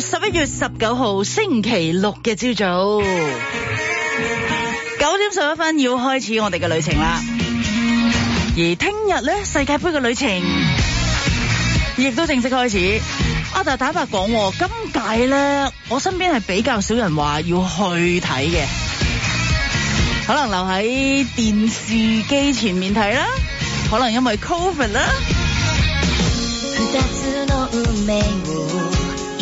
十一月十九號星期六嘅朝早，九點十一分要開始我哋嘅旅程啦。而聽日咧世界盃嘅旅程亦都正式開始。阿達，坦白講，今屆咧我身邊係比較少人話要去睇嘅，可能留喺電視機前面睇啦，可能因為 Covid 啦。二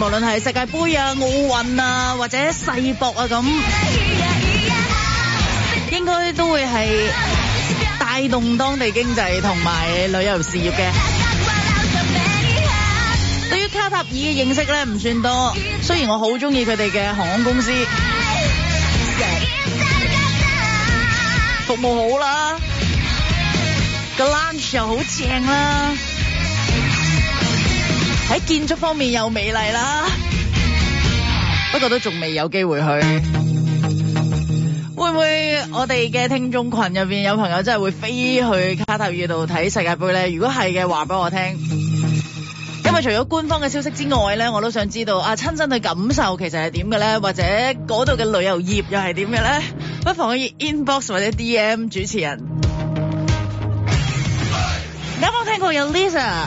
無論係世界盃啊、奧運啊，或者世博啊咁，應該都會係帶動當地經濟同埋旅遊事業嘅。對於卡塔爾嘅認識咧，唔算多。雖然我好鍾意佢哋嘅航空公司，服務好啦，個 lunch 又好正啦。喺建築方面又美麗啦，不過都仲未有機會去。會唔會我哋嘅聽眾群入面有朋友真係會飛去卡塔爾度睇世界盃咧？如果係嘅話，俾我聽。因為除咗官方嘅消息之外咧，我都想知道啊，親身嘅感受其實係點嘅咧？或者嗰度嘅旅遊業又係點嘅咧？不妨可以 inbox 或者 DM 主持人。你有冇聽過有 Lisa？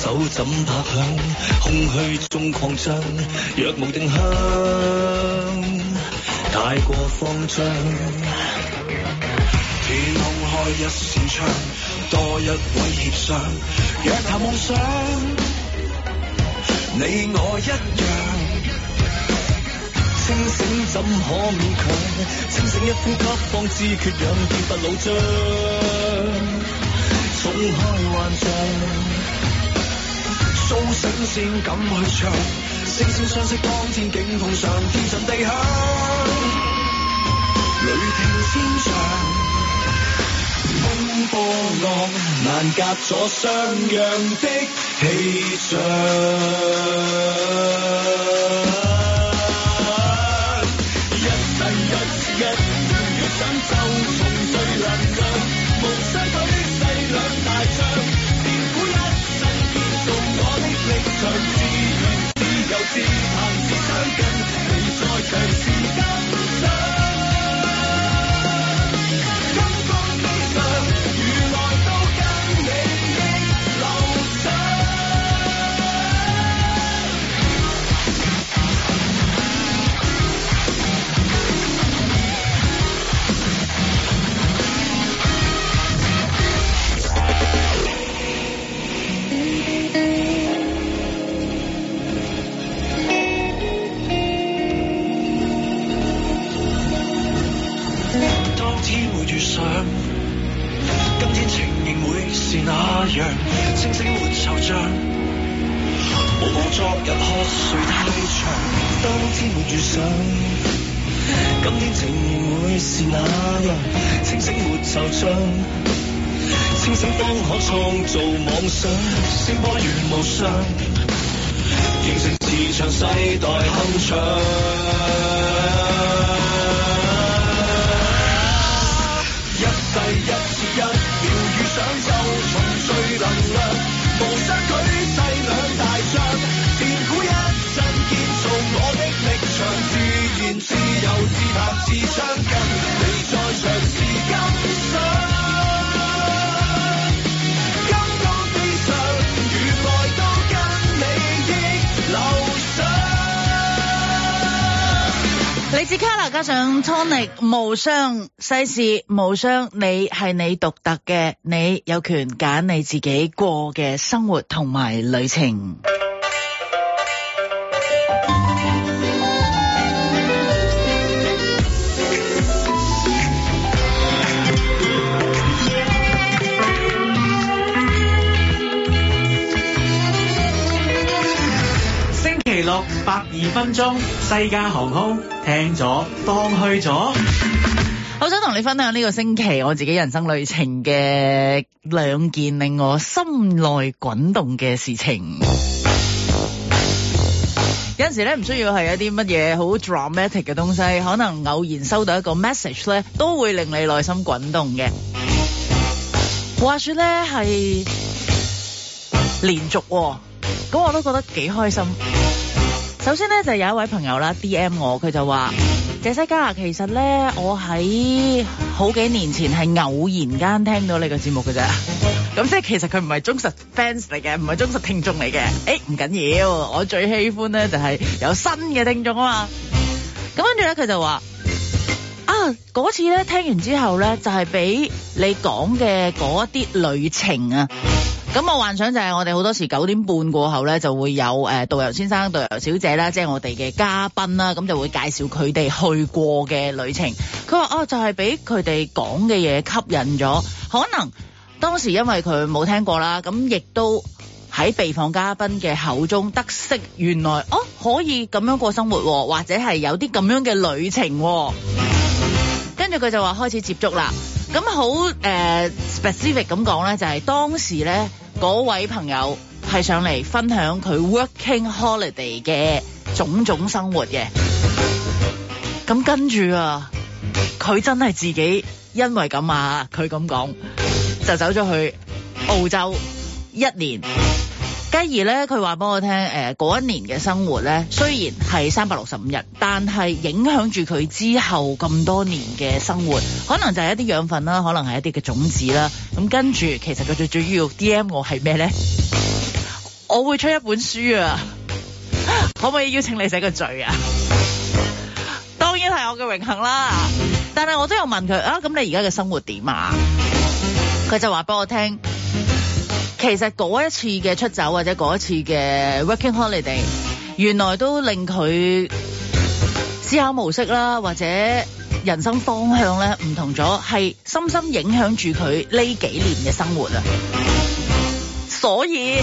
手怎拍響，空虛中擴張，若無定向，太過慌張。天空開一扇窗，多一位協商，若談夢想，你我一樣。清醒怎可勉強，清醒一呼吸方知缺氧，跌不老張，衝開幻象。縱聲線敢去唱，星星相識當天，竟碰上天震地響，雷霆千丈，風波浪難隔阻，雙陽的氣象。今天情形會是那樣，清醒沒惆悵。無我昨日瞌睡太長，當天沒遇上。今天情形會是那樣，清醒沒惆悵。清醒方可創造妄想，星波緣無雙，形成磁場世代鏗鏘。享受重聚能量。是卡娜加上 Tony 無雙世事無雙，你係你獨特嘅，你有權揀你自己過嘅生活同埋旅程。六百二分鐘，西加航空聽咗當去咗。好，我想同你分享呢個星期我自己人生旅程嘅兩件令我心內滾動嘅事情。有陣時咧，唔需要係一啲乜嘢好 dramatic 嘅東西，可能偶然收到一個 message 咧，都會令你內心滾動嘅。話說咧係連續喎，咁我都覺得幾開心。首先咧就有一位朋友啦 D M 我，佢就話謝西加，其實咧我喺好幾年前係偶然間聽到你個節目㗎啫，咁即係其實佢唔係忠實 fans 嚟嘅，唔係忠實聽眾嚟嘅，誒、欸、唔緊要，我最喜歡咧就係有新嘅聽眾啊嘛，咁跟住咧佢就話。嗰、啊、次咧，聽完之後呢，就係、是、俾你講嘅嗰啲旅程啊。咁我幻想就係我哋好多時九點半過後呢，就會有誒導遊先生、導遊小姐啦，即、就、係、是、我哋嘅嘉賓啦，咁、啊、就會介紹佢哋去過嘅旅程。佢話哦，就係俾佢哋講嘅嘢吸引咗，可能當時因為佢冇聽過啦，咁亦都喺被訪嘉賓嘅口中得悉，原來哦、啊、可以咁樣過生活、啊，或者係有啲咁樣嘅旅程、啊。跟住佢就話開始接觸啦，咁好誒 specific 咁講咧，就係當時咧嗰位朋友係上嚟分享佢 working holiday 嘅種種生活嘅，咁跟住啊，佢真係自己因為咁啊，佢咁講就走咗去澳洲一年。繼而咧，佢話俾我聽，誒，嗰一年嘅生活咧，雖然係三百六十五日，但係影響住佢之後咁多年嘅生活，可能就係一啲養分啦，可能係一啲嘅種子啦。咁跟住，其實佢最主要，DM 我係咩咧？我會出一本書啊，可唔可以邀請你寫個序啊？當然係我嘅榮幸啦，但係我都有問佢，啊，咁你而家嘅生活點啊？佢就話俾我聽。其實嗰一次嘅出走或者嗰一次嘅 working holiday，原來都令佢思考模式啦，或者人生方向咧唔同咗，係深深影響住佢呢幾年嘅生活啊！所以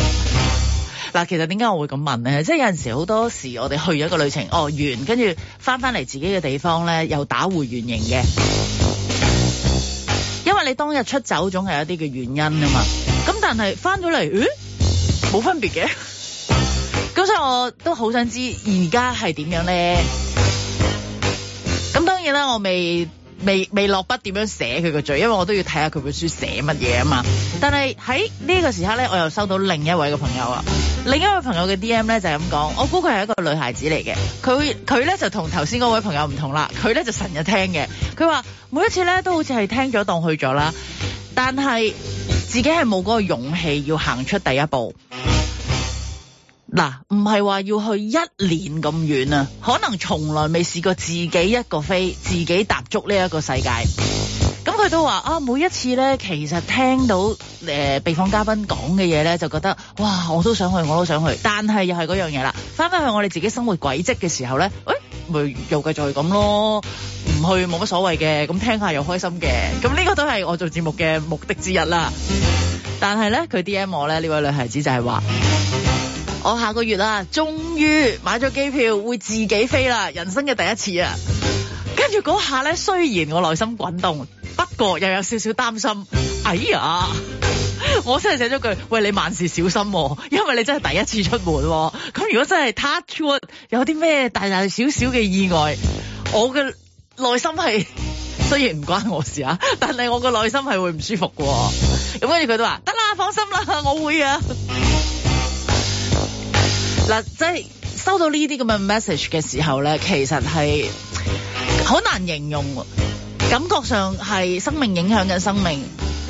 嗱，其實點解我會咁問咧？即係有陣時好多時我哋去咗一個旅程，哦完，跟住翻翻嚟自己嘅地方咧，又打回原形嘅，因為你當日出走總係有一啲嘅原因啊嘛。咁但係翻咗嚟，嗯，冇分別嘅。咁 所以我都好想知而家係點樣咧。咁當然啦，我未未未落筆點樣寫佢個罪，因為我都要睇下佢本書寫乜嘢啊嘛。但係喺呢個時刻咧，我又收到另一位嘅朋友啊。另一位朋友嘅 DM 咧就係咁講，我估佢係一個女孩子嚟嘅。佢佢咧就同頭先嗰位朋友唔同啦。佢咧就成日聽嘅。佢話每一次咧都好似係聽咗當去咗啦。但係自己係冇嗰個勇氣要行出第一步，嗱，唔係話要去一年咁遠啊，可能從來未試過自己一個飛，自己踏足呢一個世界。咁佢都話啊，每一次呢，其實聽到誒被訪嘉賓講嘅嘢呢，就覺得哇，我都想去，我都想去。但係又係嗰樣嘢啦，翻翻去我哋自己生活軌跡嘅時候呢，喂、哎，咪又繼續係咁咯。唔去冇乜所謂嘅，咁聽下又開心嘅，咁呢個都係我做節目嘅目的之一啦。但係咧，佢 DM 我咧呢位女孩子就係話：我下個月啦，啊，終於買咗機票，會自己飛啦，人生嘅第一次啊！跟住嗰下咧，雖然我內心滾動，不過又有少少擔心。哎呀，我真係寫咗句喂你萬事小心，啊，因為你真係第一次出門，啊，咁如果真係 touch wood 有啲咩大大小小嘅意外，我嘅。內心係雖然唔關我事啊，但係我個內心係會唔舒服嘅。咁跟住佢都話：得啦，放心啦，我會啊。嗱， 即係收到呢啲咁嘅 message 嘅時候咧，其實係好難形容。感覺上係生命影響緊生命，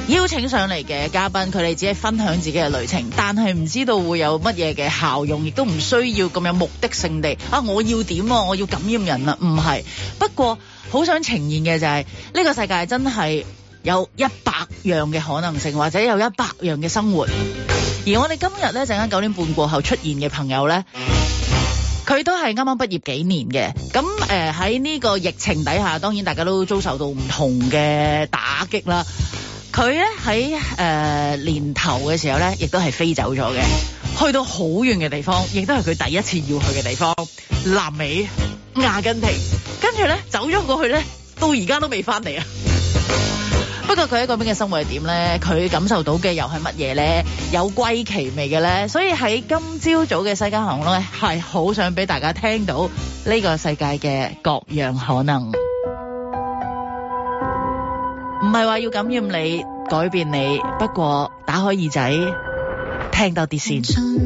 邀請上嚟嘅嘉賓，佢哋只係分享自己嘅旅程，但係唔知道會有乜嘢嘅效用，亦都唔需要咁有目的性地啊！我要點啊？我要感染人啊？唔係。不過好想呈現嘅就係呢個世界真係有一百樣嘅可能性，或者有一百樣嘅生活。而我哋今日咧陣間九點半過後出現嘅朋友咧，佢都係啱啱畢業幾年嘅。咁誒喺呢個疫情底下，當然大家都遭受到唔同嘅打擊啦。佢咧喺誒年頭嘅時候咧，亦都係飛走咗嘅，去到好遠嘅地方，亦都係佢第一次要去嘅地方——南美。阿根廷，跟住咧走咗過去咧，到而家都未翻嚟啊！不過佢喺嗰邊嘅生活係點咧？佢感受到嘅又係乜嘢咧？有歸期未嘅咧？所以喺今朝早嘅世界行呢，係好想俾大家聽到呢個世界嘅各樣可能。唔係話要感染你、改變你，不過打開耳仔，聽多啲先。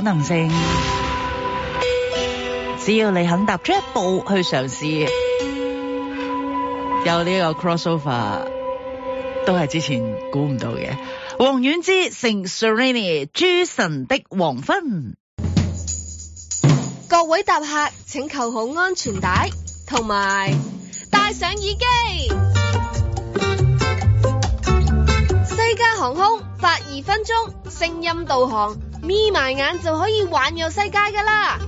可能性，只要你肯踏出一步去嘗試，有呢個 crossover，都係之前估唔到嘅。王菀之《Serenity》《諸神的黃昏》，各位搭客，請扣好安全帶，同埋戴上耳機。西加航空發二分鐘聲音導航。眯埋眼就可以環遊世界噶啦！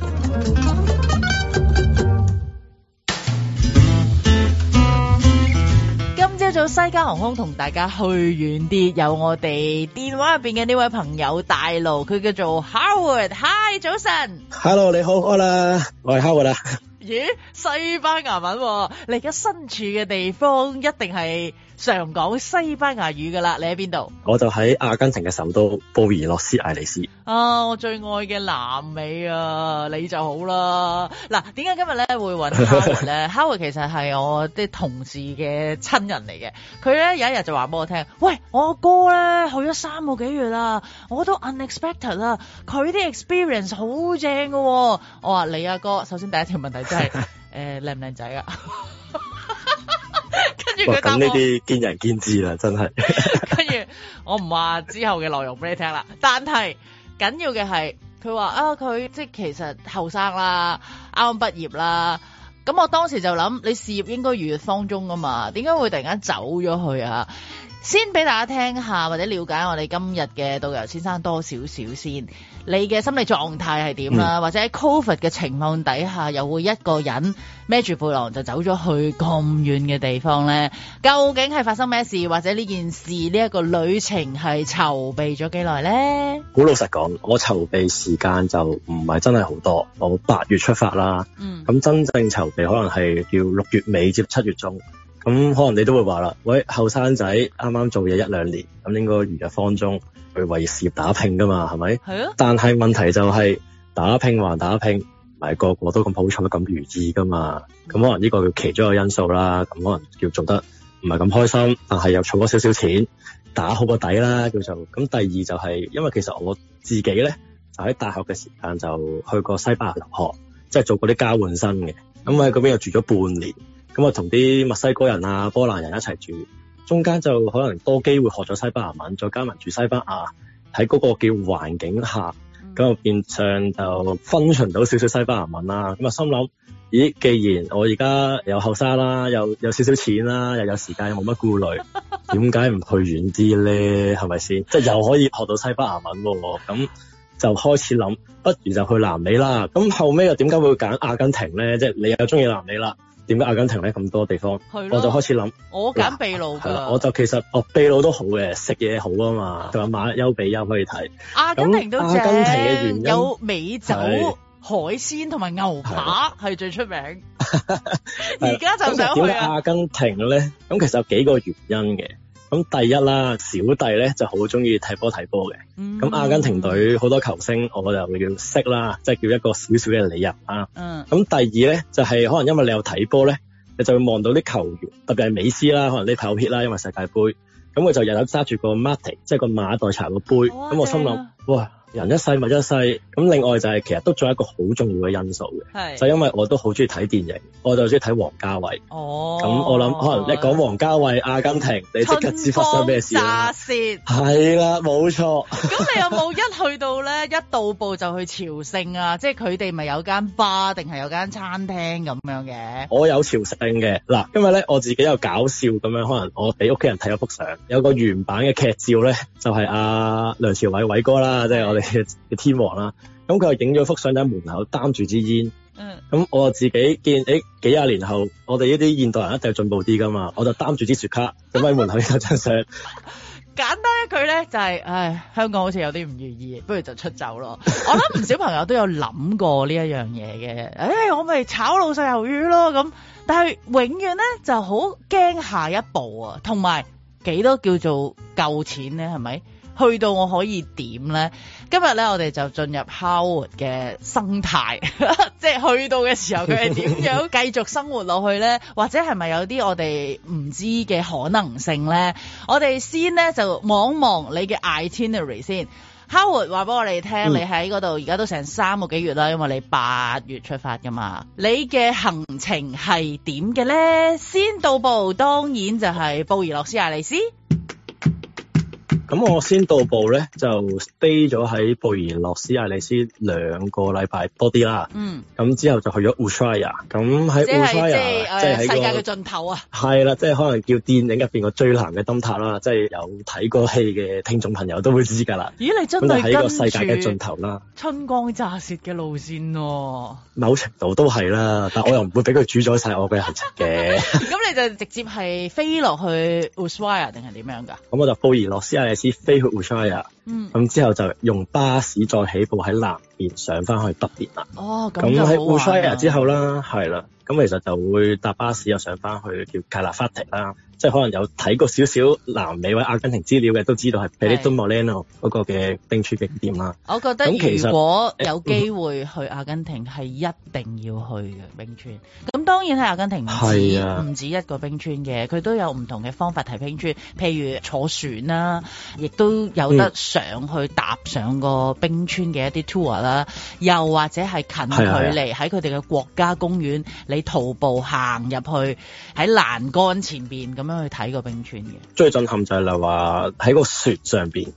今朝早西加航空同大家去遠啲，有我哋電話入邊嘅呢位朋友帶路，佢叫做 Howard，Hi 早晨，Hello 你好，安啦，我係 Howard 啦 。咦，西班牙文，你而家身處嘅地方一定係。常講西班牙語噶啦，你喺邊度？我就喺阿根廷嘅首都布宜諾斯艾利斯。啊，我最愛嘅南美啊，你就好啦。嗱、啊，點解今日咧會揾 Howard 咧？Howard 其實係我啲同事嘅親人嚟嘅。佢咧有一日就話俾我聽，喂，我阿哥咧去咗三個幾月啦，我都 unexpected 啦。佢啲 experience 好正喎、哦。我話你阿哥，首先第一條問題真係誒靚唔靚仔啊？ 跟住佢答我呢，啲見仁見智啦，真係。跟 住我唔話之後嘅內容俾你聽啦，但係緊要嘅係佢話啊，佢即係其實後生啦，啱啱畢業啦。咁我當時就諗，你事業應該如日方中啊嘛，點解會突然間走咗去啊？先俾大家聽下，或者了解我哋今日嘅導遊先生多少少先。你嘅心理狀態係點啦？嗯、或者喺 COVID 嘅情況底下，又會一個人孭住背囊就走咗去咁遠嘅地方咧？究竟係發生咩事？或者呢件事呢一、呢個旅程係籌備咗幾耐咧？好老實講，我籌備時間就唔係真係好多。我八月出發啦，咁、嗯、真正籌備可能係要六月尾至七月中。咁可能你都會話啦，喂，後生仔啱啱做嘢一兩年，咁應該如日方中。去為事業打拼噶嘛，係咪？係咯、啊。但係問題就係，打拼還打拼，唔係個個都咁朴素咁如意噶嘛。咁可能呢個叫其中一個因素啦。咁可能叫做得唔係咁開心，但係又儲咗少少錢，打好個底啦，叫做。咁第二就係，因為其實我自己咧，就喺大學嘅時間就去過西班牙留學，即係做過啲交換生嘅。咁喺嗰邊又住咗半年，咁啊同啲墨西哥人啊、波蘭人一齊住。中間就可能多機會學咗西班牙文，再加埋住西班牙喺嗰個叫環境下，咁就變相就分巡到少少西班牙文啦。咁啊心諗，咦，既然我而家有後生啦，又有，有少少錢啦，又有時間又冇乜顧慮，點解唔去遠啲咧？係咪先？即係又可以學到西班牙文喎。咁就開始諗，不如就去南美啦。咁後尾又點解會揀阿根廷咧？即係你又中意南美啦。點解阿根廷咧？咁多地方，的我就開始諗，我揀秘魯㗎啦、啊。我就其實哦，秘魯都好嘅，食嘢好啊嘛，仲有馬丘比丘可以睇。阿根廷都正那，有美酒、的海鮮同埋牛扒係最出名。而家是的 就想點解、啊、阿根廷咧？咁其實有幾個原因嘅。咁第一啦，小弟咧就好中意踢波睇波嘅。咁、嗯、阿根廷隊好多球星，我就叫識啦，即、就、係、是、叫一個少少嘅理由啊。咁、嗯、第二咧就係、是、可能因為你有睇波咧，你就會望到啲球員，特別係美斯啦，可能啲球鞋啦，因為世界盃。咁我就日日揸住個 mate 即係個馬代茶個杯。咁、哦、我心諗，的哇！人一世物一世，咁另外就係、是、其實都仲有一個好重要嘅因素嘅，是就因為我都好中意睇電影，我就中意睇王家衛哦，咁我諗可能一講王家衛阿根廷，你即刻知發生咩事啦。春風乍洩。係啦，冇錯。咁你有冇一去到咧 一到步就去朝聖啊？即係佢哋咪有間吧定係有間餐廳咁樣嘅？我有朝聖嘅，嗱，因為咧我自己有搞笑咁樣，可能我俾屋企人睇咗幅相，有個原版嘅劇照咧，就係、是、阿、啊、梁朝偉偉哥啦，是即係我哋。嘅天王啦，咁佢又影咗幅相喺門口擔住支煙，咁、嗯、我自己見誒、哎，幾廿年後，我哋呢啲現代人一定進步啲噶嘛，我就擔住支雪茄，咁喺門口影張相。 簡單一句咧就係、是，唉，香港好似有啲唔願意，不如就出走咯。 我諗唔少朋友都有諗過呢一樣嘢嘅，誒、哎，我咪炒老細魷魚咯咁，但係永遠咧就好驚下一步啊，同埋幾多叫做夠錢咧，係咪？去到我可以點咧？今日咧，我哋就進入 Howard 嘅生態，即 係去到嘅時候佢係點樣繼續生活落去咧？ 或者係咪有啲我哋唔知嘅可能性咧？我哋先咧就望望你嘅 itinerary 先。Howard 話俾我哋聽，嗯、你喺嗰度而家都成三個幾月啦，因為你八月出發噶嘛。你嘅行程係點嘅咧？先到步，當然就係布宜諾斯艾利斯。咁、嗯、我先到步咧就 stay 咗喺布宜諾斯艾利斯兩個禮拜多啲啦。嗯。咁之後就去咗烏斯懷亞。咁喺烏斯懷亞，即係、呃、世界嘅盡頭啊。係啦，即、就、係、是、可能叫電影入邊個最難嘅燈塔啦，即、就、係、是、有睇過戲嘅聽眾朋友都會知㗎啦。咦？你真係盡頭啦，春光乍泄嘅路線喎、啊。某程度都係啦，但我又唔會俾佢主宰晒我嘅行程嘅。咁 你就直接係飛落去烏斯懷亞定係點樣㗎？咁我就布宜諾斯艾啲飛去烏沙呀，嗯，咁之後就用巴士再起步喺南邊上翻去北邊啦。哦，咁好、啊。咁喺烏沙呀之後啦，係啦，咁其實就會搭巴士又上翻去叫卡拉法提啦。即係可能有睇過少少南美或者阿根廷資料嘅，都知道係佩里托莫雷諾個嘅冰川景點啦。我覺得如果有機會去阿根廷係、嗯、一定要去嘅冰川。咁當然係阿根廷唔止唔，啊、止一個冰川嘅，佢都有唔同嘅方法睇冰川，譬如坐船啦，亦都有得上去搭上個冰川嘅一啲 tour 啦，嗯，又或者係近距離喺佢哋嘅國家公園你徒步行入去喺欄杆前邊咁都去睇過冰川嘅，最震撼就係啦，話喺個雪上邊。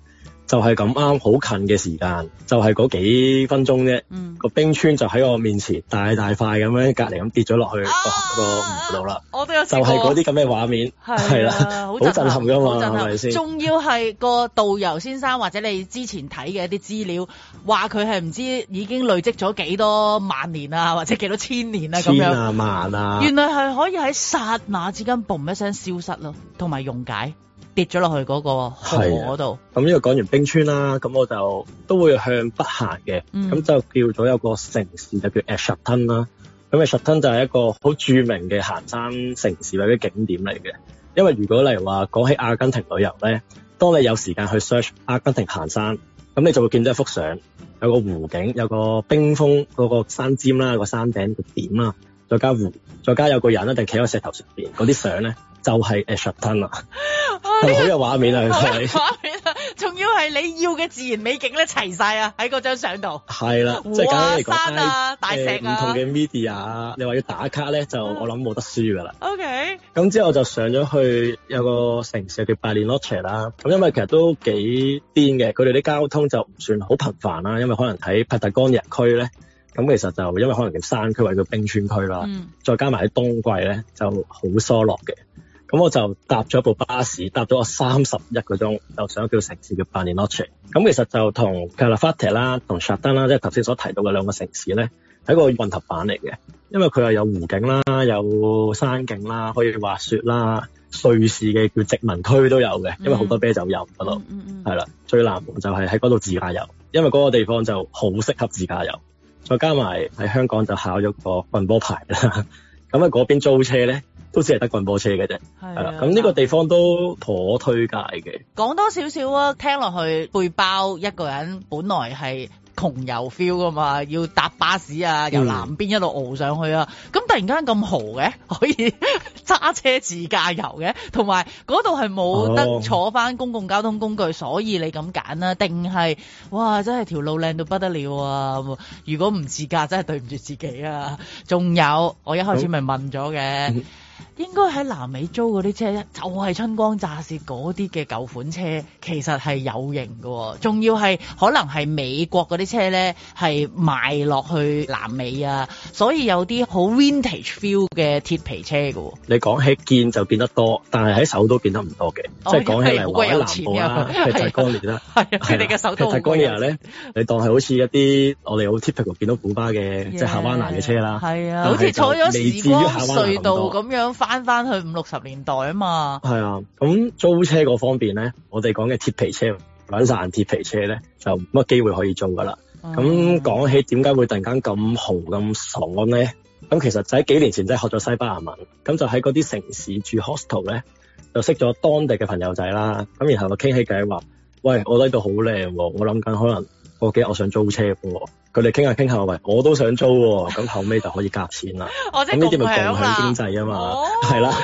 就係咁啱好近嘅時間，就係、是、嗰幾分鐘啫。個、嗯、冰川就喺我面前，大大塊咁樣隔離咁跌咗落去個唔到啦。啊、我都有時就係嗰啲咁嘅畫面，係啦、啊，好、啊、震撼㗎嘛，係咪先？仲要係個導遊先生或者你之前睇嘅一啲資料，話佢係唔知已經累積咗幾多萬年啊，或者幾多千年呀。咁樣、啊。千啊萬啊，原來係可以喺刹那之間嘣一聲消失咯，同埋溶解。跌咗落去嗰、那個嗰度。咁呢的個講完冰川啦，咁我就都會向北行嘅。咁、嗯、就叫咗有個城市就叫 a s h t o n 啦。咁 a s h t o n 就係一個好著名嘅行山城市或者景點嚟嘅。因為如果例如話講起阿根廷旅遊咧，當你有時間去 search 阿根廷行山，咁你就會見到一幅相，有個湖景，有個冰封嗰、那個山尖啦，那個山頂、那個點啦，再加湖，再加有個人一定企喺個石頭上面嗰啲相咧。 就係 A ana, s h p t o n e 啦，好有畫面啦，畫面啦，仲 要係你要嘅自然美景咧齊晒啊！喺嗰張相度係啦，即係簡單嚟講，山啊、大石啊，誒唔同嘅 media 啊，呃、不同的 med ia, 你話要打卡咧，就我諗冇得輸噶啦、啊。OK，咁之後我就上咗去有個城市叫 Bariloche 啦，咁因為其實都幾癲嘅，佢哋啲交通就唔算好頻繁啦，因為可能喺 Patagonia 區咧，咁其實就因為可能叫山區或者叫冰川區啦，嗯、再加埋喺冬季咧就好疏落嘅。咁我就搭咗一部巴士，搭咗我三十一個鐘，又上咗叫城市叫 Bariloche。咁其實就同 Calafate 啦，同 Chalten 啦，即係頭先所提到嘅兩個城市咧，係一個混合版嚟嘅。因為佢又有湖景啦，有山景啦，可以滑雪啦，瑞士嘅叫殖民區都有嘅，因為好多啤酒飲嗰度。係啦、mm hmm.，最難忘就係喺嗰度自駕遊，因為嗰個地方就好適合自駕遊。再加埋喺香港就考咗個棍波牌啦。咁喺嗰邊租車咧，都只係得棍波車嘅啫，啦、啊。咁呢、嗯、個地方都妥推介嘅。講多少少啊，聽落去背包一個人本來係窮遊 feel 㗎嘛，要搭巴士啊，由南邊一路熬上去啊。咁、嗯、突然間咁豪嘅，可以揸車自駕遊嘅，同埋嗰度係冇得坐翻公共交通工具，哦、所以你咁揀啊。定係，哇，真係條路靚到不得了啊！如果唔自駕，真係對唔住自己啊。仲有，我一開始咪問咗嘅。嗯應該喺南美租嗰啲車咧，就係春光乍泄嗰啲嘅舊款車，其實係有型嘅，仲要係可能係美國嗰啲車咧，係賣落去南美啊，所以有啲好 vintage feel 嘅鐵皮車嘅。你講起見就變得多，但係喺首都變得唔多嘅，即係講起嚟話喺南部啦，泰戈爾啦，係啊，佢哋嘅首都冇乜。泰戈爾咧，你當係好似一啲我哋好 typical 見到古巴嘅即係夏灣拿嘅車啦，係啊，好似坐咗時光隧道咁樣。翻翻去五六十年代啊嘛，係啊，咁租車嗰方面咧，我哋講嘅鐵皮車兩散人鐵皮車咧，就冇乜機會可以做噶啦。咁講、嗯、起點解會突然間咁紅咁爽咧？咁其實就喺幾年前真係學咗西班牙文，咁就喺嗰啲城市住 hostel 咧，就識咗當地嘅朋友仔啦。咁然後就傾起計話，喂，我呢度好靚喎，我諗緊可能。我記得我想租車喎，佢哋傾下傾下，喂，我都想租喎，咁後尾就可以夾錢啦。咁呢啲咪共享經濟啊嘛，係啦。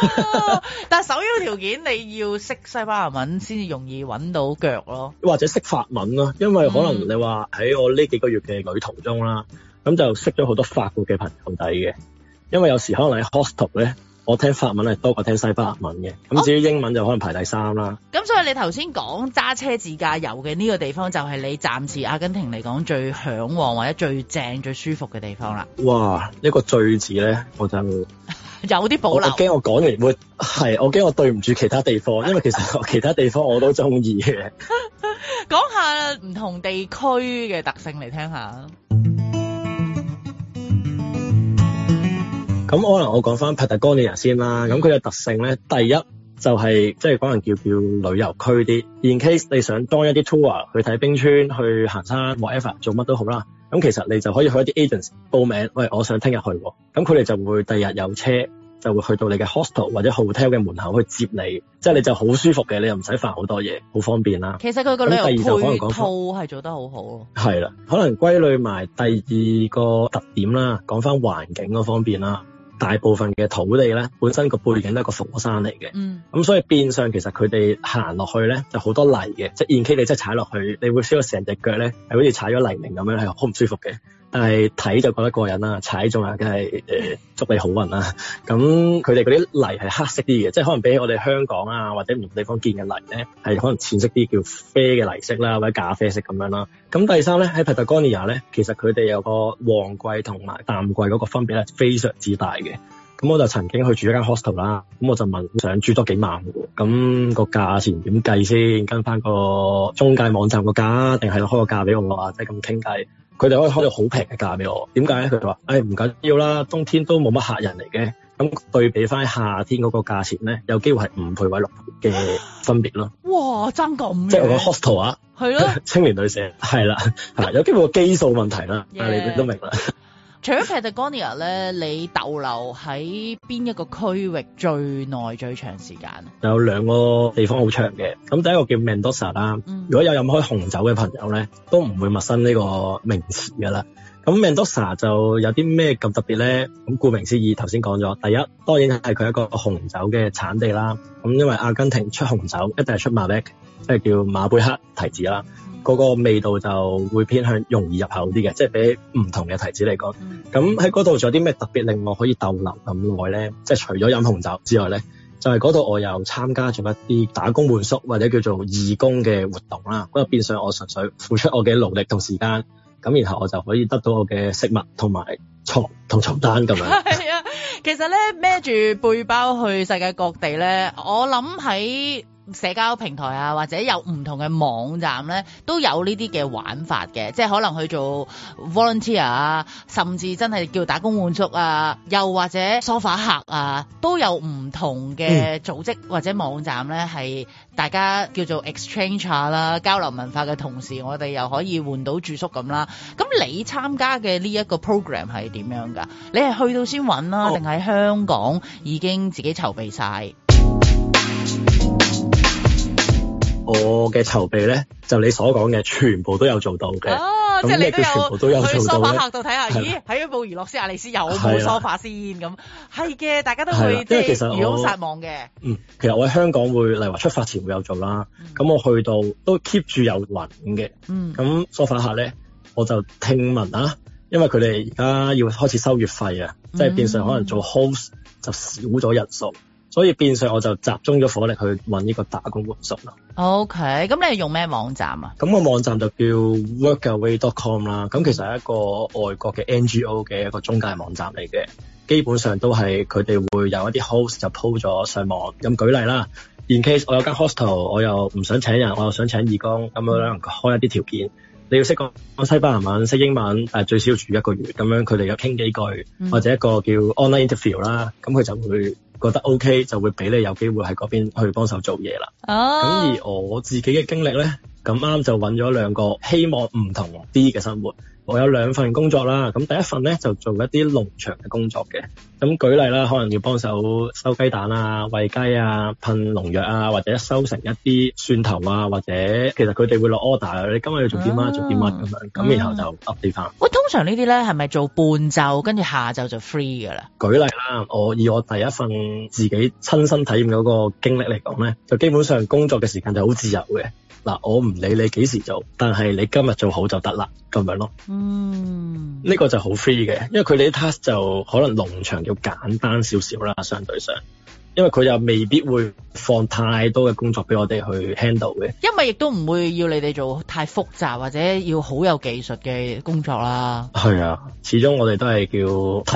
但首要條件你要識西班牙文先至容易揾到腳咯。或者識法文啦，因為可能你話喺、嗯、我呢幾個月嘅旅途中啦，咁就識咗好多法國嘅朋友仔嘅，因為有時可能喺 hostel 咧。我聽法文係多過聽西班牙文嘅，咁至於英文就可能排第三啦。咁、哦、所以你頭先講揸車自駕遊嘅呢個地方，就係你暫時阿根廷嚟講最嚮往或者最正、最舒服嘅地方啦。哇！一、這個最字咧，我就會 有啲保留。我驚我講完會係，我驚我對唔住其他地方，因為其實我其他地方我都中意嘅。講 下唔同地區嘅特性嚟聽下。咁可能我講翻 Patagonia 先啦。咁佢嘅特性咧，第一就係、是、即係可能叫叫旅遊區啲，in case 你想當一啲 tour 去睇冰川、去行山、whatever 做乜都好啦。咁其實你就可以去一啲 agents 報名，喂，我想聽日去、啊，咁佢哋就會第日有車就會去到你嘅 hostel 或者 hotel 嘅門口去接你，即係你就好舒服嘅，你又唔使煩好多嘢，好方便啦。其實佢旅遊配套係做得好好、啊、咯。係啦，可能歸類埋第二個特點啦，講翻環境嗰方面啦。大部分嘅土地咧，本身個背景都係一個火山嚟嘅，咁、嗯嗯、所以變相其實佢哋行落去咧就好多泥嘅，即係 HK 你即係踩落去，你會 feel 到成隻腳咧係好似踩咗泥濘咁樣，係好唔舒服嘅。但係睇就覺得過癮啦、啊，踩中咗梗係誒祝你好運啦、啊。咁佢哋嗰啲泥係黑色啲嘅，即係可能比起我哋香港啊或者唔同地方見嘅泥咧，係可能淺色啲，叫啡嘅泥色啦，或者咖啡色咁樣啦。咁第三咧喺 Patagonia 咧，其實佢哋有個旺季同埋淡季嗰個分別咧，非常之大嘅。咁我就曾經去住一間 hostel 啦，咁我就問想住多幾晚喎，咁、個價錢點計先？跟翻個中介網站個價，定係開個價俾我啊？即咁傾計。佢哋可以開到好平嘅價俾我，點解咧？佢就話，誒唔緊要啦，冬天都冇乜客人嚟嘅，咁對比翻夏天嗰個價錢咧，有機會係唔賠位六嘅分別咯。哇，爭咁！即係個 hostel 啊，係咯的， 青年女性。係啦，嚇麼 有機會個基數問題啦，Yeah. 你都明白啦。除咗 Patagonia 咧，你逗留喺邊一個區域最耐最長時間？有兩個地方好長嘅，咁第一個叫 Mendoza 啦、嗯。如果有飲開紅酒嘅朋友咧，都唔會陌生呢個名詞噶啦。咁 Mendoza 就有啲咩咁特別咧？咁顧名思義，頭先講咗，第一當然係佢一個紅酒嘅產地啦。咁因為阿根廷出紅酒一定係出馬黑，即係叫馬貝克提子啦。嗰個味道就會偏向容易入口啲嘅，即係比唔同嘅提子嚟講。咁喺嗰度仲有啲咩特別令我可以逗留咁耐咧？即係除咗飲紅酒之外咧，就係嗰度我又參加咗一啲打工換宿或者叫做義工嘅活動啦。嗰度變相我純粹付出我嘅努力同時間，咁然後我就可以得到我嘅食物同埋牀同床單咁樣。係啊， 其實咧孭住背包去世界各地咧，我諗喺。社交平台啊，或者有唔同嘅網站呢，都有呢啲嘅玩法嘅，即係可能去做 volunteer 啊，甚至真係叫打工換宿啊，又或者 sofa 客啊，都有唔同嘅組織或者網站呢係、嗯、大家叫做 exchange 啦，交流文化嘅同時，我哋又可以換到住宿咁啦。咁你參加嘅呢一個 program 係點樣㗎？你係去到先揾啦，定喺、哦、香港已經自己籌備晒？我嘅籌備咧，就你所講嘅，全部都有做到嘅。哦，即係你都有去梳化客度睇下，咦？喺一部娛樂斯阿利斯有冇梳化先？咁係嘅，大家都去即係其實好失望嘅。嗯，其實我喺香港會，例如話出發前會有做啦。咁我去到都 keep 住有揾嘅。嗯。咁梳化客咧，我就聽聞啊，因為佢哋而家要開始收月費啊，即係變成可能做 host 就少咗人數。所以變相我就集中咗火力去搵呢個打工活術啦。OK，咁你用咩網站啊？咁個網站就叫 Workaway.com 啦。咁其實係一個外國嘅 NGO 嘅一個中介網站嚟嘅，基本上都係佢哋會有一啲 host 就鋪咗上網。咁舉例啦，in case 我有間 hostel，我又唔想請人，我又想請義工，咁可能開一啲條件。你要識講西班牙文、識英文，但最少要住一個月，咁樣佢哋有傾幾句，嗯、或者一個叫 online interview 啦，咁佢就會覺得 OK，就會俾你有機會喺嗰邊去幫手做嘢啦。哦。咁而我自己嘅經歷咧，咁啱就揾咗兩個希望唔同啲嘅生活。我有兩份工作啦，咁第一份咧就做一啲農場嘅工作嘅，咁舉例啦，可能要幫手收雞蛋啊、餵雞啊、噴農藥啊，或者收成一啲蒜頭啊，或者其實佢哋會落 order，你今日要做啲乜啊、嗯、做啲乜咁樣，咁然後就 update 翻。我、嗯、通常呢啲咧係咪做半晝，跟住下晝就 free 㗎啦？舉例啦，我以我第一份自己親身體驗嗰個經歷嚟講咧，就基本上工作嘅時間就好自由嘅。嗱，我唔理你幾時做，但係你今日做好就得啦，咁樣咯。嗯，呢個就好 free 嘅，因為佢哋啲 task 就可能農場要簡單少少啦，相對上。因為佢又未必會放太多嘅工作俾我哋去 handle 嘅，因為亦都唔會要你哋做太複雜或者要好有技術嘅工作啦。係啊，始終我哋都係叫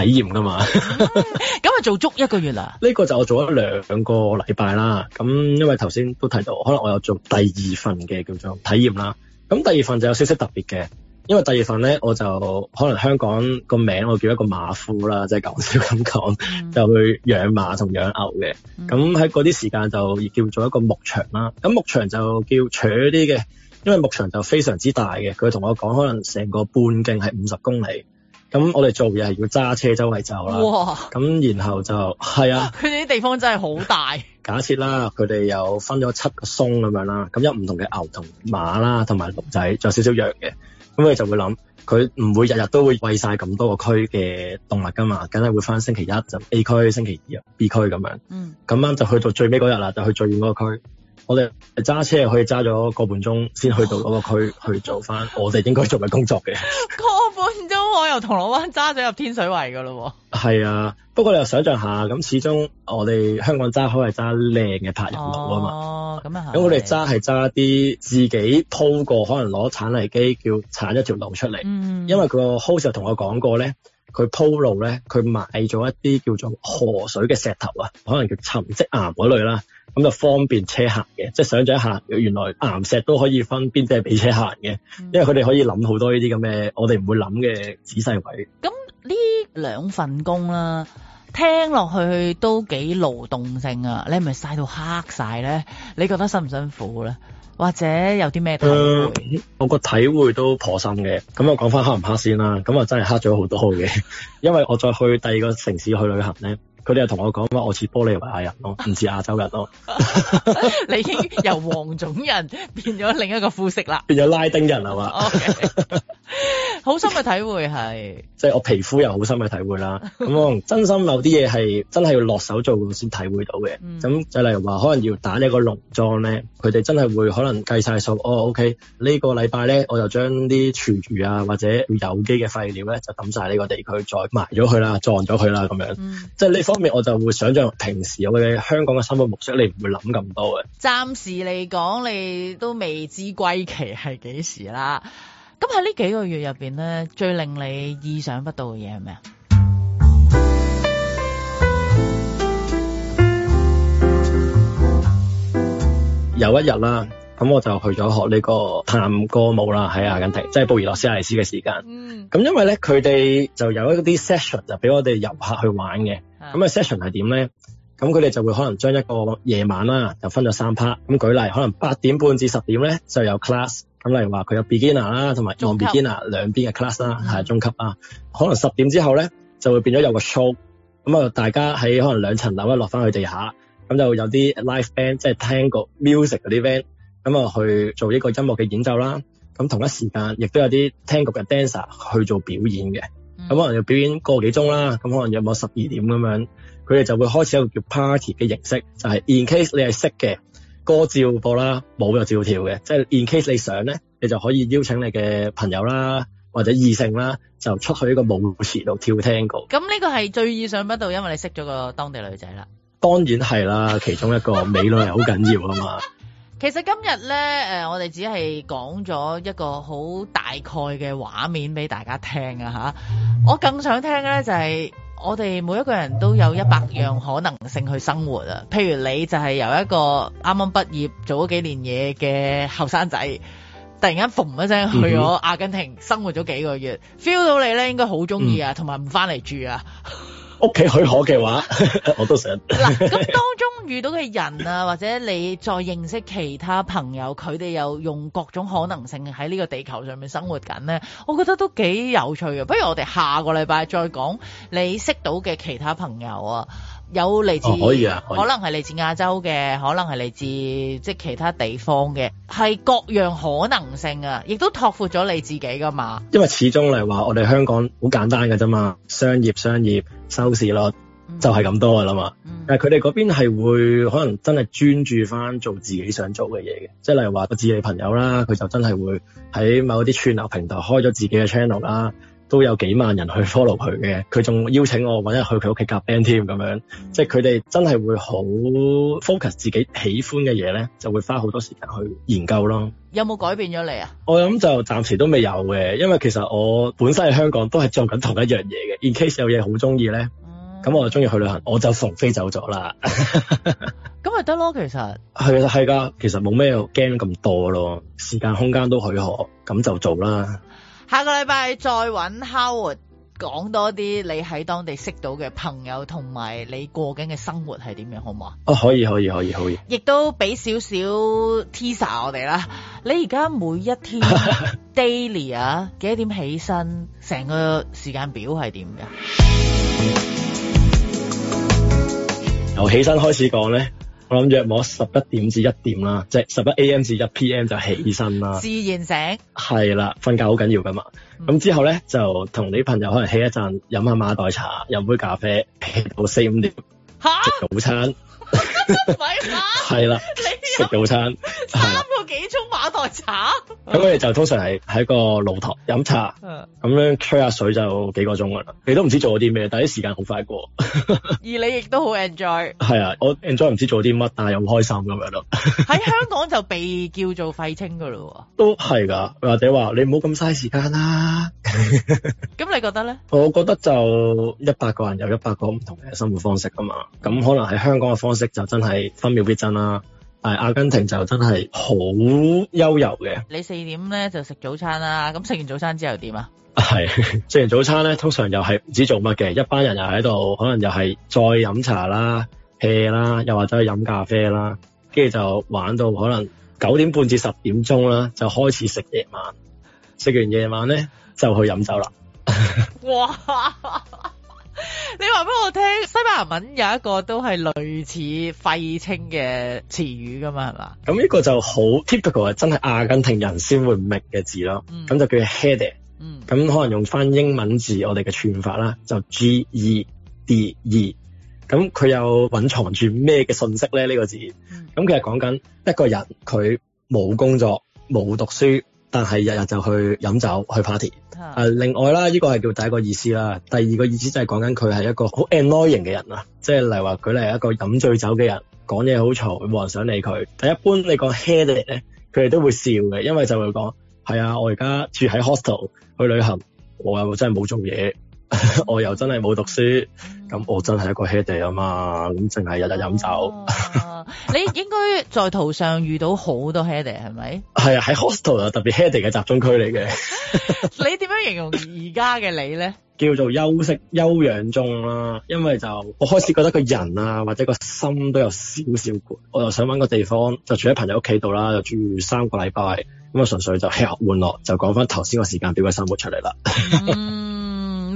體驗噶嘛。咁 啊、嗯，就做足一個月啦？呢個就我做咗兩個禮拜啦。咁因為頭先都提到，可能我有做第二份嘅叫做體驗啦。咁第二份就有少少特別嘅。因為第二份咧，我就可能香港個名我叫一個馬夫啦，即係講笑咁講，嗯、就去養馬同養牛嘅。咁喺嗰啲時間就叫做一個牧場啦。咁牧場就叫扯啲嘅，因為牧場就非常之大嘅。佢同我講，可能成個半徑係五十公里。咁我哋做嘢係要揸車周圍走啦。哇！咁然後就係啊，佢哋啲地方真係好大。假設啦，佢哋有分咗七個松咁樣啦。咁有唔同嘅牛同馬啦，同埋鹿仔，仲有少少羊嘅。咁佢就會諗，佢唔會日日都會餵曬咁多個區嘅動物㗎嘛，梗係會翻星期一就 A 區，星期二啊 B 區咁樣。嗯。咁樣就去到最尾嗰日啦，就去最遠嗰個區。我哋揸車可以揸咗個半鐘先去到嗰個區去做翻我哋應該做嘅工作嘅。個半鐘，我由銅鑼灣揸咗入天水圍噶咯。係 啊，不過你又想象下，咁始終我哋香港揸開係揸靚嘅柏油路啊嘛。哦，咁啊係。咁我哋揸係揸一啲自己鋪過，可能攞鏟泥機叫鏟一條路出嚟。嗯嗯。因為佢個 host 又同我講過咧，佢鋪路咧，佢買咗一啲叫做河水嘅石頭啊，可能叫沉積岩嗰類啦。咁就方便車行嘅，即係想像一下，原來岩石都可以分邊啲俾車行嘅，嗯、因為佢哋可以諗好多呢啲咁嘅，我哋唔會諗嘅仔細位。咁呢兩份工啦、啊，聽落去都幾勞動性啊！你係咪曬到黑曬咧？你覺得辛唔辛苦咧？或者有啲咩、嗯？我個體會都頗深嘅。咁我講翻黑唔黑先啦。咁啊，真係黑咗好多嘅，因為我再去第二個城市去旅行咧。佢哋又同我講話，我似玻利維亞人咯，唔似亞洲人咯。 你已經由黃種人變咗另一個膚色啦， 變咗拉丁人係咪？好深嘅體會係，即係 我皮膚又好深嘅體會啦。咁 我真心有啲嘢係真係要落手做先體會到嘅。咁、嗯、就例如話，可能要打個農呢個農莊咧，佢哋真係會可能計晒數。哦，OK，個呢個禮拜咧，我就將啲廚餘啊或者有機嘅廢料咧，就抌晒呢個地區再埋咗佢啦，撞咗佢啦咁樣。即係呢方面，我就會想像平時我嘅香港嘅生活模式，你唔會諗咁多嘅。暫時嚟講，你都未知歸期係幾時啦。咁喺呢幾個月入邊咧，最令你意想不到嘅嘢係咩啊？有一日啦，咁我就去咗學呢個探戈舞啦，喺阿根廷，即係、嗯、布宜諾斯艾利斯嘅時間。咁、嗯、因為咧，佢哋就有一啲 session 就俾我哋遊客去玩嘅。咁啊，session 係點咧？咁佢哋就會可能將一個夜晚啦，就分咗三 part。咁舉例，可能八點半至十點咧就有 class。咁例如話佢有 beginner 啦，同埋中 beginner 兩邊嘅 class 啦，係中級啊。可能十點之後咧就會變咗有個 show，咁啊大家喺可能兩層樓一落翻去地下，咁就會有啲 live band 即係 tango music 嗰啲 band，咁啊去做呢個音樂嘅演奏啦。咁同一時間亦都有啲 tango 嘅 dancer 去做表演嘅，咁、嗯、可能要表演個幾鐘啦。咁可能有冇十二點咁樣，佢哋就會開始一個叫 party 嘅形式，就係、是、in case 你係識嘅。歌照播啦，舞就照跳嘅，即係 in case 你想咧，你就可以邀請你嘅朋友啦，或者異性啦，就出去一個舞池度跳聽歌。咁呢個係最意想不到，因為你識咗個當地女仔啦。當然係啦，其中一個美女係好緊要啊嘛。 其實今日咧，誒，我哋只係講咗一個好大概嘅畫面俾大家聽啊吓，我更想聽嘅咧就係、是。我哋每一個人都有一百樣可能性去生活啊，譬如你就係由一個啱啱畢業做咗幾年嘢嘅後生仔，突然間 boom 一聲去咗阿根廷、mm hmm. 生活咗幾個月，feel 到你咧應該好中意啊，同埋唔翻嚟住啊。 屋企許可嘅話，我都想。嗱，咁當中遇到嘅人啊，或者你再認識其他朋友，佢哋又用各種可能性喺呢個地球上面生活緊咧，我覺得都幾有趣嘅。不如我哋下個禮拜再講你識到嘅其他朋友啊。有嚟自，可能係嚟自亞洲嘅，可能係嚟自即係其他地方嘅，係各樣可能性啊！亦都拓闊咗你自己噶嘛。因為始終嚟話，我哋香港好簡單噶啫嘛，商業商業收視率就係咁多噶啦嘛。嗯、但係佢哋嗰邊係會可能真係專注翻做自己想做嘅嘢嘅，即係例如話我自己朋友啦，佢就真係會喺某啲串流平台開咗自己嘅 channel 啦。都有幾萬人去 follow 佢嘅，佢仲邀請我揾人去佢屋企夾 band 添咁樣，即係佢哋真係會好 focus 自己喜歡嘅嘢咧，就會花好多時間去研究咯。有冇改變咗你啊？我諗就暫時都未有嘅，因為其實我本身喺香港都係做緊同一樣嘢嘅。In case 有嘢好中意咧，咁、嗯、我就中意去旅行，我就逢飛走咗啦。咁咪得咯，其實係係㗎，其實冇咩驚咁多咯，時間空間都許可，咁就做啦。下個禮拜再搵 Howard 講多啲你喺當地識到嘅朋友同埋你過緊嘅生活係點樣好唔好？啊、oh，可以可以可以可以，亦都俾少少 Teaser 我哋啦。嗯、你而家每一天 daily 啊，幾多點起身，成個時間表係點噶？由起身開始講咧。我諗約摸十一點至一點啦，即係十一 A.M. 至一 P.M. 就起身啦。自然醒。係啦，瞓覺好緊要噶嘛。咁、嗯、之後咧就同啲朋友可能起一陣，飲下馬袋茶，飲杯咖啡，起到四五點，食、嗯、早餐。啊唔係嚇，係啦， 食早餐三個幾鐘馬台茶，咁佢哋就通常係喺個露台飲茶，咁 的樣吹下水就幾個鐘噶啦。你都唔知做咗啲咩，但係啲時間好快過， 而你亦都好 enjoy。係啊， 我 enjoy 唔知做啲乜，但係好開心咁樣咯。喺 香港就被叫做廢青噶喇喎，都係㗎，或者話你唔好咁嘥時間啦。咁 你覺得咧？我覺得就一百個人有一百個唔同嘅生活方式㗎嘛，咁可能喺香港嘅方色就真係分秒必爭啦，但阿根廷就真係好悠遊嘅。你四點咧就食早餐啦，咁食完早餐之後點啊？係食完早餐咧，通常又係唔知做乜嘅，一班人又喺度，可能又係再飲茶啦、啤啦，又或者去飲咖啡啦，跟住就玩到可能九點半至十點鐘啦，就開始食夜晚。食完夜晚咧，就去飲酒啦。 哇！你話俾我聽，西班牙文有一個都係類似廢青嘅詞語噶嘛，係嘛？咁呢個就好 typical 啊，真係阿根廷人先會明嘅字咯。咁、嗯、就叫 head，咁、er, 嗯、可能用翻英文字我哋嘅串法啦，就 G E D E。咁佢又隱藏住咩嘅信息咧？呢、這個字，咁其實講緊一個人佢冇工作、冇讀書。但係日日就去飲酒去 party，誒的、啊、另外啦，呢、這個係叫第一個意思啦。第二個意思就係講緊佢係一個好 annoying 嘅、嗯、人啊，即係例如話佢咧係一個飲醉酒嘅人，講嘢好嘈，冇人想理佢。但一般你講 head 咧，佢哋都會笑嘅，因為就會講係啊，我而家住喺 hostel 去旅行，我又真係冇做嘢。 我又真係冇讀書，咁、嗯、我真係一個 heady 啊嘛，咁淨係日日飲酒、哦。你應該在途上遇到好多 heady 係咪？係 啊，喺 Hostel 特別 heady 嘅集中區嚟嘅。 你點樣形容而家嘅你咧？ 叫做休息休養中啦、啊，因為就我開始覺得個人啊或者個心都有少少攰，我又想揾個地方就住喺朋友屋企度啦，又住三個禮拜，咁啊純粹就吃喝玩樂，就講翻頭先個時間表嘅生活出嚟啦。 嗯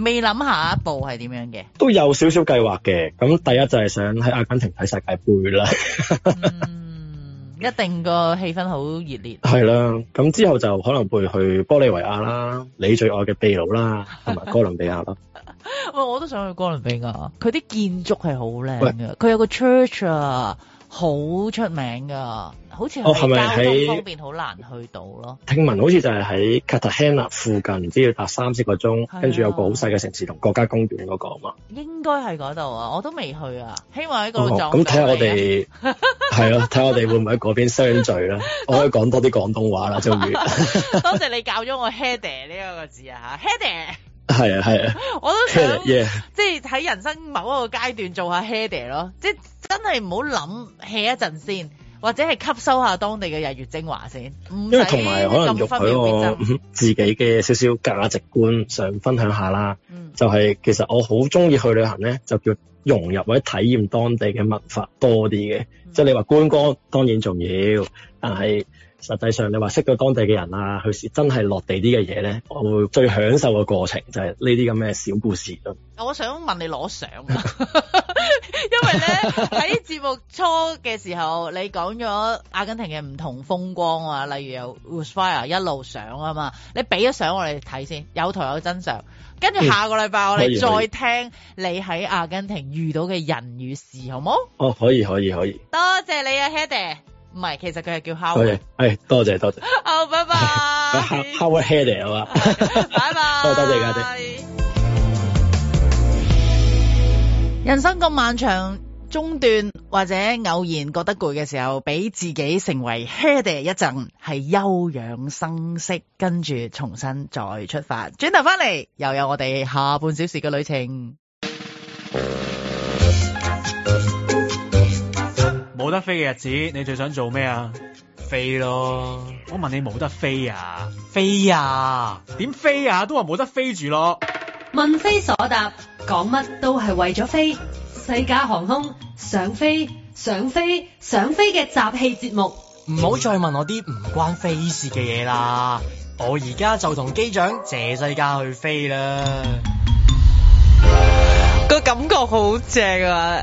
未諗下一步係點樣嘅，都有少少計劃嘅。咁第一就係想喺阿根廷睇世界杯啦。嗯，一定個氣氛好熱烈。係啦，咁之後就可能會去玻利維亞啦，你最愛嘅秘魯啦，同埋哥倫比亞囉。喂， 我都想去哥倫比亞，佢啲建築係好靚嘅，佢喂有個 church 啊。好出名㗎，好似交通方便好、哦、難去到咯。聽聞好似就係喺 c a t a h e n a 附近，唔知要搭三四個鐘，跟住的有個好細嘅城市同國家公園嗰、那個啊嘛。應該係嗰度啊，我都未去啊，希望喺嗰度撞到咁，睇下我哋係啊，睇下、哦嗯、我哋 會唔會喺嗰邊相聚啦。 我可以講多啲廣東話啦，終於。 多謝你教咗我 head 呢一個字啊 h e a d 係啊係啊，是啊，我都想、hey there, yeah. 即係喺人生某一個階段做下 header 咯，即係真係唔好諗 hea 一陣先，或者係吸收下當地嘅日月精華先。因為同埋可能喐喺我自己嘅少少價值觀想分享下啦，嗯、就係其實我好中意去旅行咧，就叫融入或者體驗當地嘅文化多啲嘅，嗯、即係你話觀光當然重要，但係。實際上你話識咗當地嘅人啊，佢真係落地啲嘅嘢咧，我會最享受嘅過程就係呢啲咁嘅小故事咯。我想問你攞相啊， 因為咧呢喺 節目初嘅時候你講咗阿根廷嘅唔同風光啊，例如有 Ushuaia 一路上啊嘛，你俾咗相我哋睇先，有圖有真相。跟住下個禮拜我哋再聽你喺阿根廷遇到嘅人與事，好冇？哦，可以可以可以。可以多謝你啊，Hedy。He 唔係，其實佢係叫 Howard。係、okay. yeah, oh,，多謝多謝。好，拜拜。Howard Head 啊嘛，拜拜。多謝，多謝家姐。人生咁漫長，中斷或者偶然覺得攰嘅時候，俾自己成為 Head、er、一陣，係休養生息，跟住重新再出發。轉頭翻嚟，又有我哋下半小時嘅旅程。冇得飛嘅日子，你最想做咩啊？飛咯吧！我問你冇得飛啊？飛啊？點飛啊？都話冇得飛住咯。問非所答，講乜都係為咗飛。西加航空，想飛，想飛，想飛嘅集氣節目。唔好、嗯、再問我啲唔關飛事嘅嘢啦。我而家就同機長借西加去飛啦。個 感覺好正啊！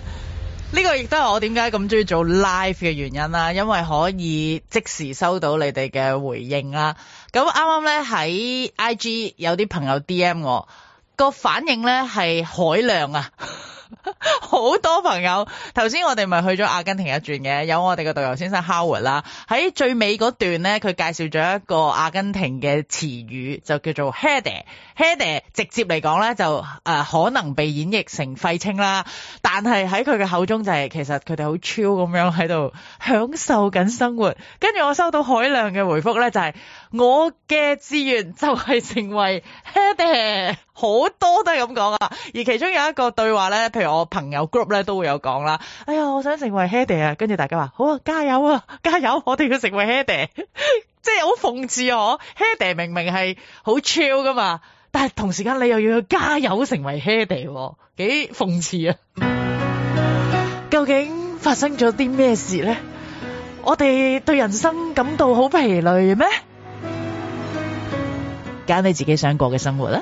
呢個亦都係我點解咁中意做 live 嘅原因啦、啊，因為可以即時收到你哋嘅回應啦、啊。咁啱啱咧喺 IG 有啲朋友 DM 我，個反應咧係海量啊，好 多朋友。頭先我哋咪去咗阿根廷一轉嘅，有我哋個導遊先生 Howard 啦、啊。喺最尾嗰段咧，佢介紹咗一個阿根廷嘅詞語，就叫做 heady、er。header 直接嚟講咧就誒、呃、可能被演繹成廢青啦，但係喺佢嘅口中就係、是、其實佢哋好 chill 咁樣喺度享受緊生活。跟住我收到海量嘅回覆咧就係、是、我嘅志願就係成為 header, 好多都係咁講啊。而其中有一個對話咧，譬如我朋友 group 咧都會有講啦。哎呀，我想成為 header 啊！跟住大家話好啊，加油啊，加油！我哋要成為 header, 即係好諷刺，我 header 明明係好 chill 㗎噶嘛。但係同時間你又要去加油成為 Hedy，幾諷刺啊！究竟發生咗啲咩事呢？我哋對人生感到好疲累咩？揀你自己想過嘅生活啦。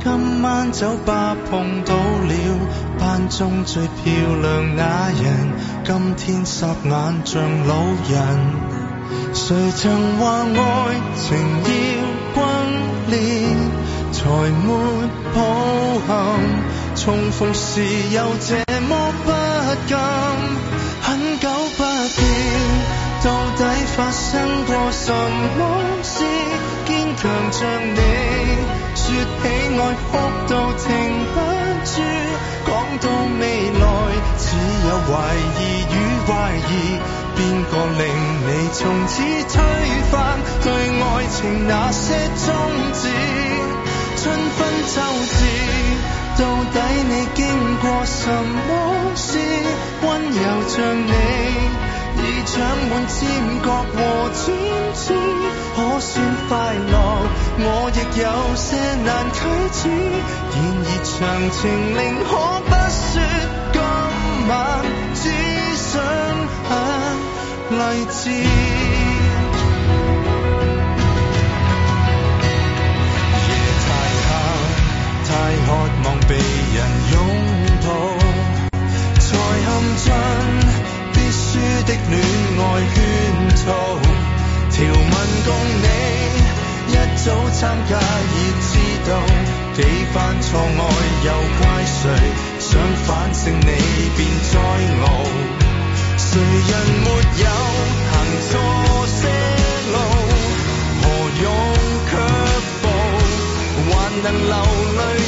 今晚酒吧碰到了班中最漂亮那人，今天霎眼像老人。誰曾話愛情要轟烈才沒抱憾，重逢時又這麼不甘。很久不見，到底發生過什麼事，堅強像你。說起愛哭到停不住，講到未來只有懷疑與懷疑，邊個令你從此推翻對愛情那些宗旨？春分秋至，到底你經過什麼事，溫柔像你？已長滿尖角和尖刺，可算快樂？我亦有些難啟齒。然而詳情寧可不說，今晚只想理智。夜太黑，太渴望被。參加已知道幾番錯愛又怪誰，想反勝你便再熬，誰人沒有行錯些路？何用卻步，還能流淚？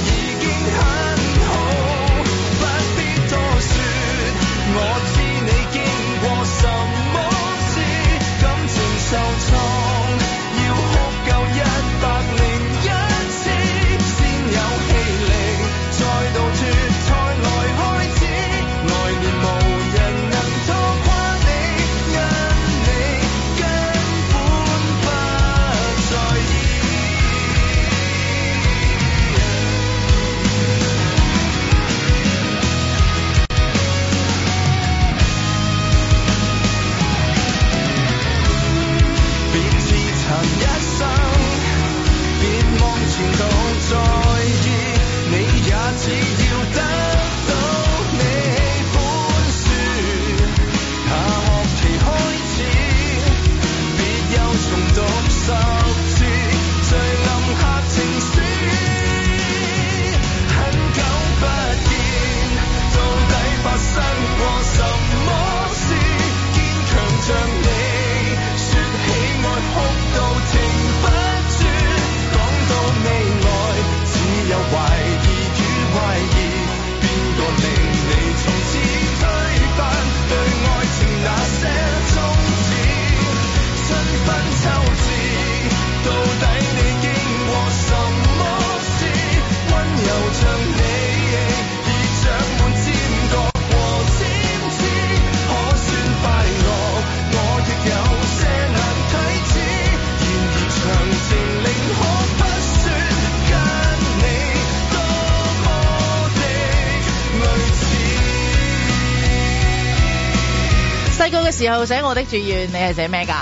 細個嘅時候寫我的志願，你係寫咩㗎？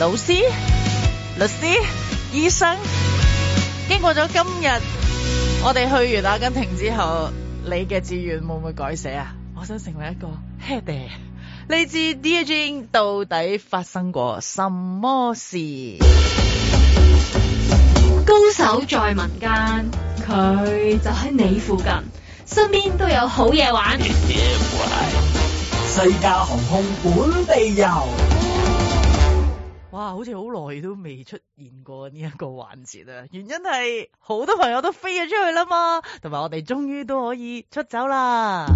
老師、律師、醫生。經過咗今日，我哋去完阿根廷之後，你嘅志願會唔會改寫啊？我想成為一個 hater 嚟自 DJ 到底發生過什麼事？高手在民間，佢就喺你附近，身邊都有好嘢玩。 世界航空本地遊，哇，好似好耐都未出現過呢一個環節啊！原因係好多朋友都飛咗出去啦嘛，同埋我哋終於都可以出走啦。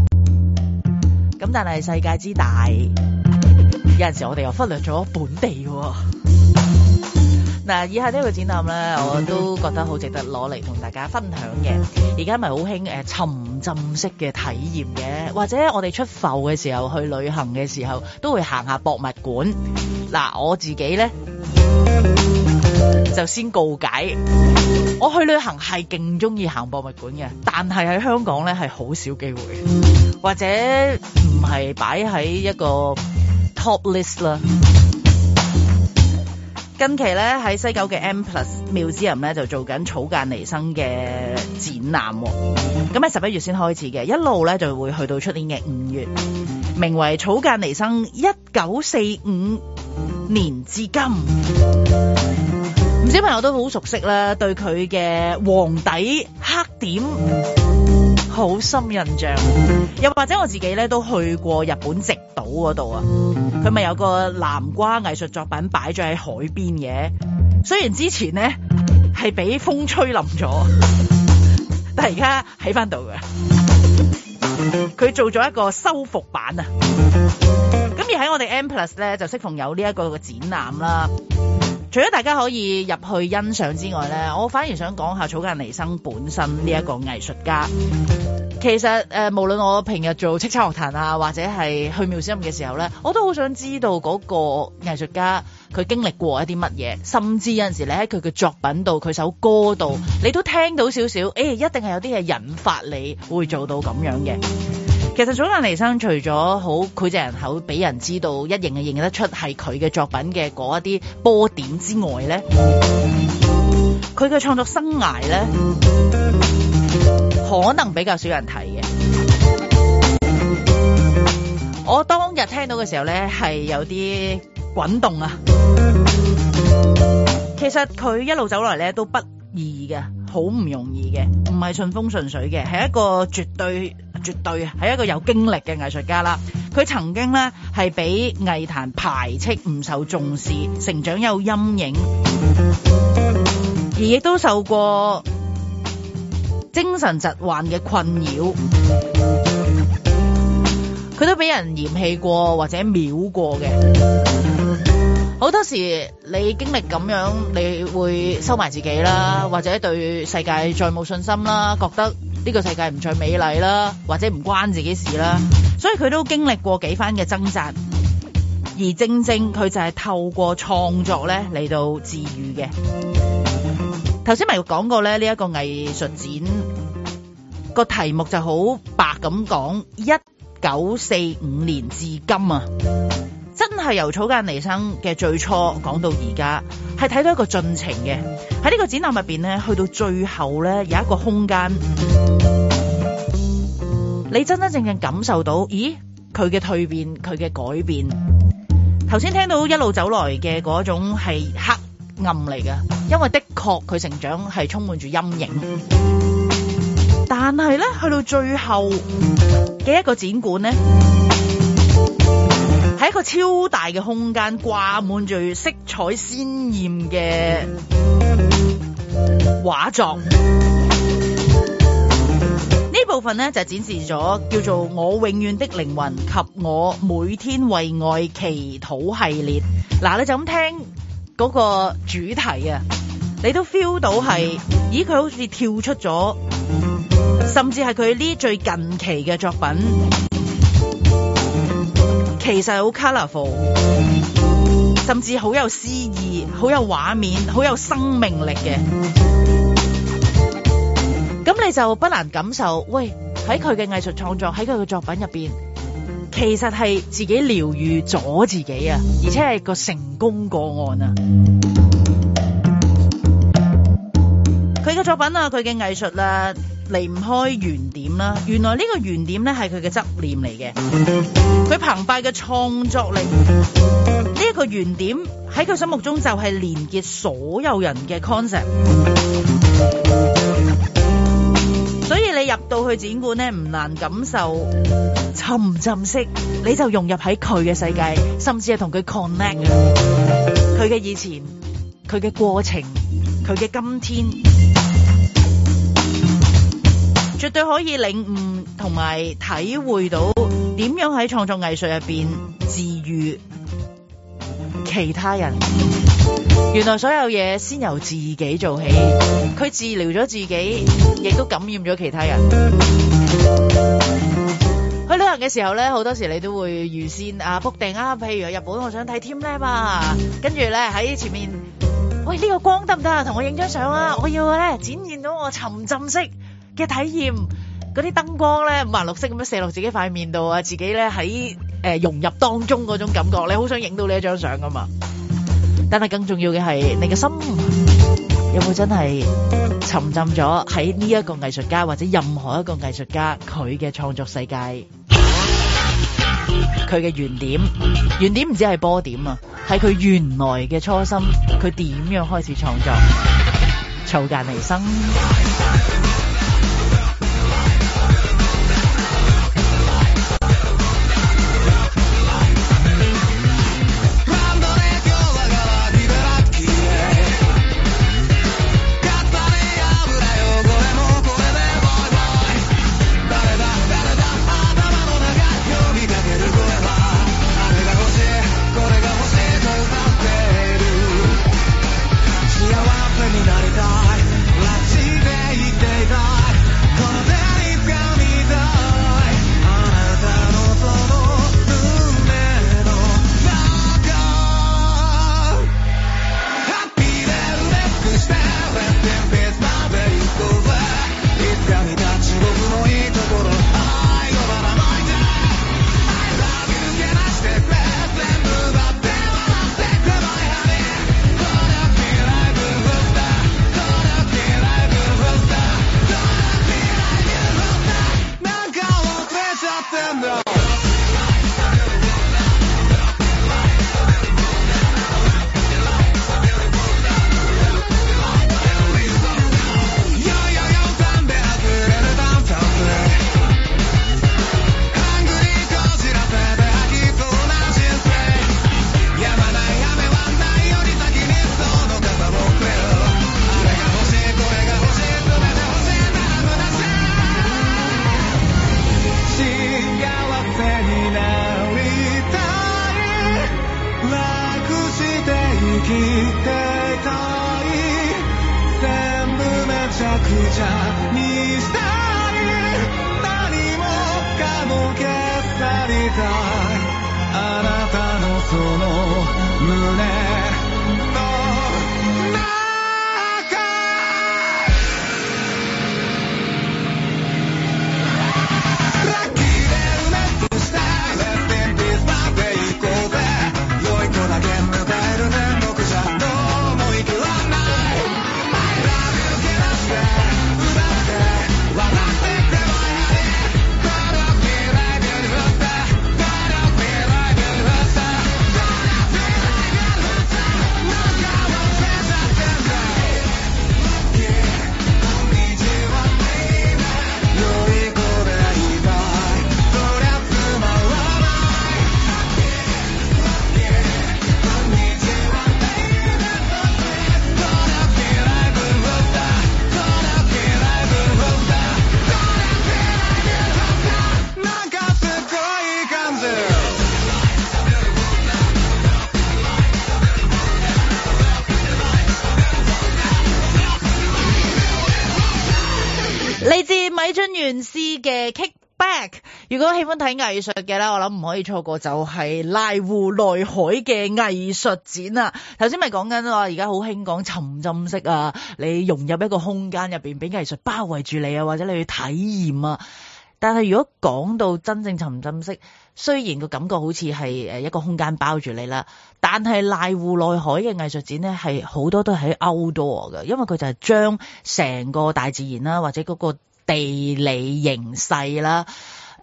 咁 但係世界之大，有陣時我哋又忽略咗本地喎、哦。嗱，以下呢個展覽咧，我都覺得好值得攞嚟同大家分享嘅。而家咪好興沉浸式嘅體驗嘅，或者我哋出埠嘅時候去旅行嘅時候，都會行下博物館。嗱，我自己咧就先告解，我去旅行係勁中意行博物館嘅，但係喺香港咧係好少機會，或者唔係擺喺一個 top list 啦。近期咧喺西九嘅 M Plus 妙之人咧，就做緊草間彌生嘅展覽，咁喺十一月先開始嘅，一路咧就會去到出年嘅五月，名為草間彌生一九四五年至今，唔少朋友都好熟悉啦，對佢嘅黃底黑點好深印象，又或者我自己咧都去過日本直島嗰度啊。佢咪有個南瓜藝術作品擺咗喺海邊嘅，雖然之前咧係俾風吹冧咗，但係而家喺翻度嘅。佢做咗一個修復版啊！咁而喺我哋 M Plus 咧就適逢有呢一個嘅展覽啦。除咗大家可以入去欣賞之外咧，我反而想講下草間彌生本身呢一個藝術家。其實誒、呃，無論我平日做叱咤樂壇啊，或者係去描寫嘅時候咧，我都好想知道嗰個藝術家佢經歷過一啲乜嘢，甚至有陣時你喺佢嘅作品度、佢首歌度，你都聽到少少，誒、哎，一定係有啲嘢引發你會做到咁樣嘅。其實草間彌生除咗好膾炙人口俾人知道一認就認得出係佢嘅作品嘅嗰一啲波點之外咧，佢嘅創作生涯咧。可能比較少人睇嘅。我當日聽到嘅時候呢，係有啲滾動啊。其實佢一路走嚟呢，都不易嘅，好唔容易嘅，唔係順風順水嘅，係一個絕對、絕對係一個有經歷嘅藝術家啦。佢曾經呢，係俾藝壇排斥、唔受重視，成長有陰影，而亦都受過精神疾患嘅困擾，佢都俾人嫌棄過或者秒過嘅。好多時你經歷咁樣，你會收埋自己啦，或者對世界再冇信心啦，覺得呢個世界唔再美麗啦，或者唔關自己事啦。所以佢都經歷過幾番嘅掙扎，而正正佢就係透過創作呢嚟到治癒嘅。頭先咪講過咧，呢一個藝術展個題目就好白咁講，一九四五年至今啊，真係由草間彌生嘅最初講到而家，係睇到一個進程嘅。喺呢個展覽入邊咧，去到最後咧，有一個空間，你真真正正感受到，咦，佢嘅蛻變，佢嘅改變。頭先聽到一路走來嘅嗰種係黑。暗嚟嘅，因為的確佢成長係充滿住陰影。但係咧，去到最後嘅一個展館呢，喺一個超大嘅空間，掛滿住色彩鮮豔嘅畫作。呢部分咧就是，展示咗叫做《我永遠的靈魂》及《我每天為愛祈禱》系列。嗱，你就咁聽。嗰個主題啊，你都 feel 到係，咦佢好似跳出咗，甚至係佢呢最近期嘅作品，其實好 colourful，甚至好有詩意、好有畫面、好有生命力嘅，咁你就不難感受，喂喺佢嘅藝術創作喺佢嘅作品入邊。其實係自己療愈咗自己啊，而且係個成功個案啊！佢嘅 作品啊，佢嘅藝術啦，離唔開圓點啦。原來呢個圓點咧係佢嘅執念嚟嘅，佢澎湃嘅創作力，呢、這、一個圓點喺佢心目中就係連結所有人嘅 concept。去展館咧，唔難感受沉浸式，你就融入喺佢嘅世界，甚至係同佢 connect。佢嘅以前，佢嘅過程，佢嘅今天， 絕對可以領悟同埋體會到點樣喺創作藝術入邊治愈其他人。原來所有嘢先由自己做起，佢治療咗自己，亦都感染咗其他人。去旅行嘅時候咧，好多時你都會預先啊 book 定啊，譬如日本，我想睇 teamLab，跟住咧喺前面，喂呢個光得唔得啊？同我影張相啊！我要咧展現到我沉浸式嘅體驗，嗰啲燈光咧五顏六色咁樣射落自己塊面度啊，自己咧喺誒融入當中嗰種感覺，你好想影到呢一張相噶嘛？但係更重要嘅係，你嘅心有冇真係沉浸咗喺呢一個藝術家或者任何一個藝術家佢嘅創作世界？佢嘅 原點，原點唔止係波點啊，係佢原來嘅初心，佢點樣開始創作？草間彌生。如果喜歡睇藝術嘅咧，我諗唔可以錯過就係瀨戶內海嘅藝術展啊。頭先咪講緊話，而家好興講沉浸式啊。你融入一個空間入邊，俾藝術包圍住你啊，或者你去體驗啊。但係如果講到真正沉浸式，雖然個感覺好似係誒一個空間包住你啦，但係瀨戶內海嘅藝術展咧係好多都喺 outdoor 嘅，因為佢就係將成個大自然啦，或者嗰個地理形勢啦。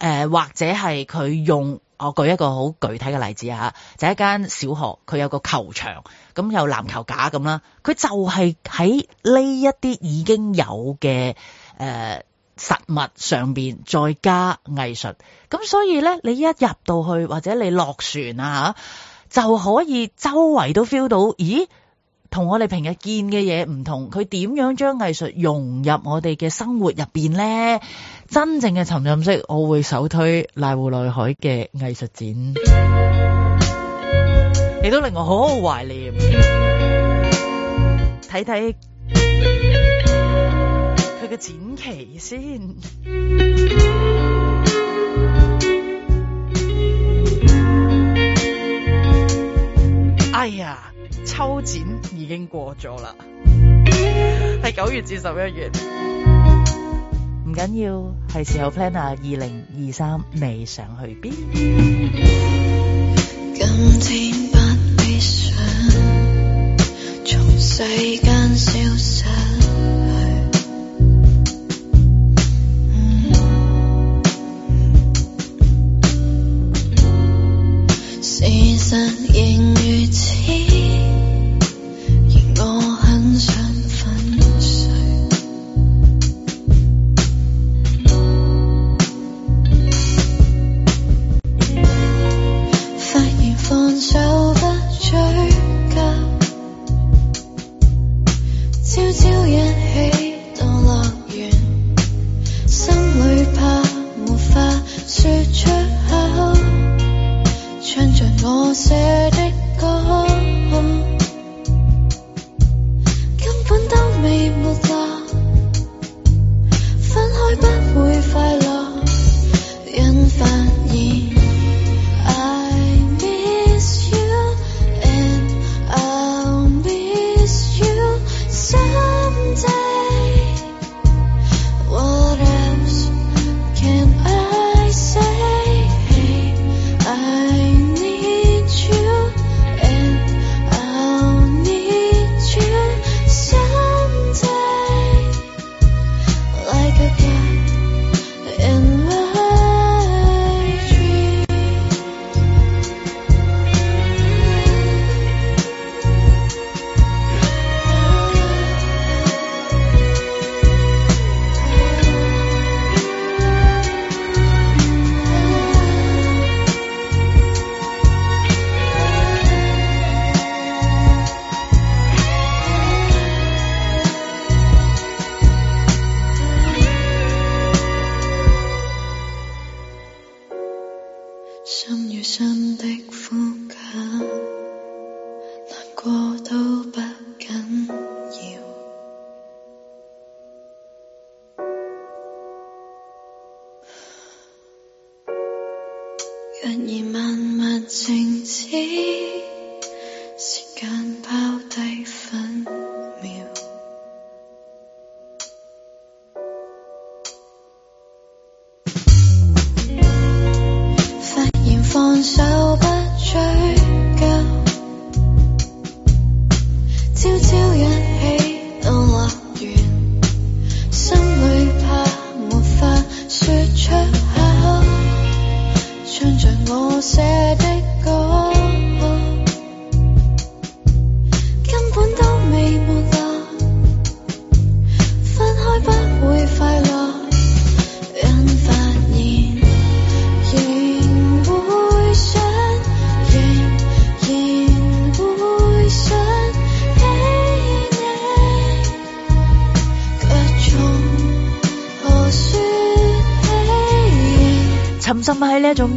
誒、呃，或者係佢用，我舉一個好具體嘅例子吓，就係，一間小學，佢有個球場，咁有籃球架咁啦，佢就係喺呢一啲已經有嘅誒、呃、實物上邊再加藝術，咁所以咧，你一入到去或者你落船啊，就可以周圍都 feel 到，咦？同我哋平日見嘅嘢唔同，佢點樣將藝術融入我哋嘅生活入邊呢？真正嘅沉浸式，我會首推瀨戶內海嘅藝術展，亦都令我好好懷念。睇睇佢嘅展期先。哎呀！秋展已經過咗啦，係九月至十一月。唔緊要，係時候 plan 啊！二零二三，未上去邊？今天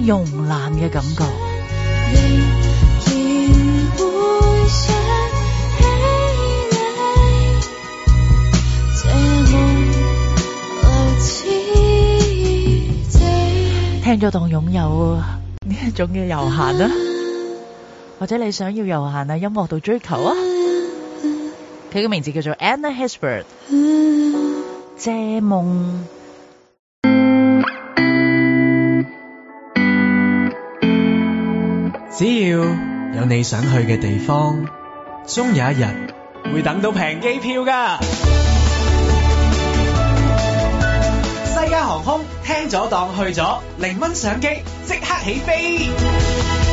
懶嘅感覺聽咗當擁有啊，呢一種嘅悠閒啊，或者你想要悠閒啊，音樂度追求啊，佢嘅名字叫做 Anna Hesbert 借夢。只要有你想去嘅地方，終有一日會等到平機票㗎。西加航空聽咗檔去咗，零蚊上機即刻起飛。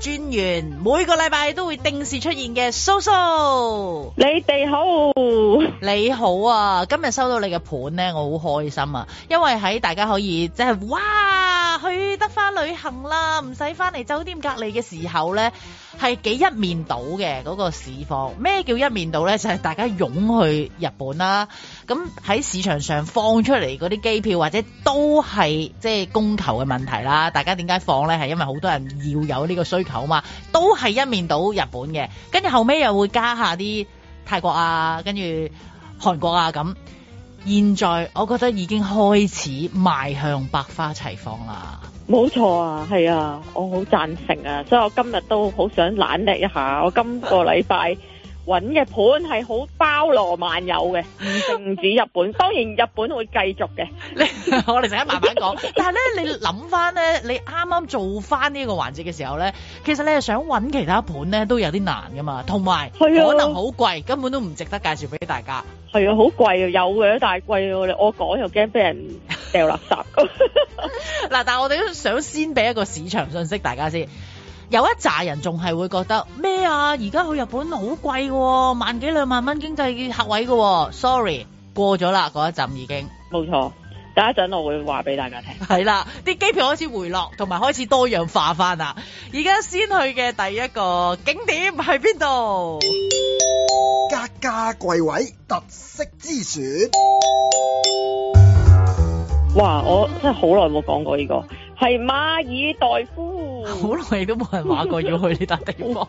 專員，每個禮拜都會定時出現嘅蘇蘇，so、你哋好，你好啊！今日收到你嘅盤呢，我好開心啊！因為喺大家可以即係哇去得翻旅行啦，唔使翻嚟酒店隔離嘅時候呢，係幾一面倒嘅，嗰、嗰個市況。咩叫一面倒呢？就係、係、大家湧去日本啦。咁喺市場上放出嚟嗰啲機票，或者都係即係供求嘅問題啦。大家點解放呢？係因為好多人要有呢、呢個。需求嘛，都係一面倒日本嘅，跟住後尾，又會加下啲泰國啊，跟住韓國啊咁。現在我覺得已經開始邁向百花齊放啦。冇錯啊，係啊，我好贊成啊，所以我今日都好想懶叻一下，我今個禮拜。 揾嘅盤係好包羅萬有嘅，唔淨止日本， 當然日本會繼續嘅。 我哋陣間慢慢講。但係咧，你諗翻咧，你啱啱做翻呢個環節嘅時候咧，其實你係想揾其他盤咧都有啲難噶嘛，同埋可能好貴，根本都唔值得介紹俾大家。係啊，好貴啊，有嘅，但係貴喎。我講又驚俾人掉垃圾。嗱 但係我哋都想先俾一個市場訊息大家先。有一紮人仲係會覺得咩啊？而家去日本好貴喎，萬幾兩萬蚊經濟客位嘅喎，Sorry，過咗啦，嗰一陣已經冇錯。等一陣我會話俾大家聽。係啦，啲機票開始回落，同埋開始多樣化翻啦。而家先去嘅第一個景點係邊度？格價貴位，特色之選。哇，我真係好耐冇講過呢個。係馬爾代夫，好耐都冇人話過要去呢笪地方。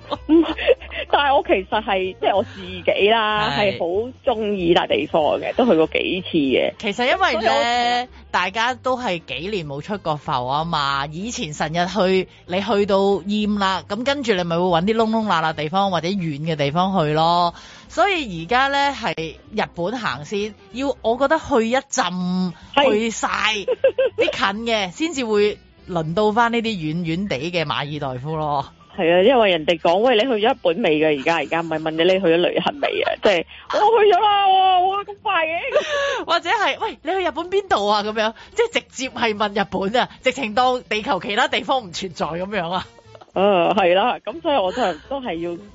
但係我其實係即係我自己啦，係好中意呢笪地方嘅，都去過幾次嘅。其實因為咧，大家都係幾年冇出過埠啊嘛，以前成日去，你去到厭啦，咁跟住你咪會揾啲窿窿罅罅地方或者遠嘅地方去咯。所以而家咧係日本行先，要我覺得去一浸，去晒啲是 近嘅，先至會輪到翻呢啲遠遠地嘅馬爾代夫咯。係啊，因為人哋講喂，你去咗日本未噶？而家而家唔係問你你去咗旅行未啊？即係我去咗啦，哇咁快嘅，啊！ 或者係喂，你去日本邊度啊？咁樣即係直接係問日本啊？直情當地球其他地方唔存在咁樣啊？啊、呃，係啦，咁所以我都係都係要。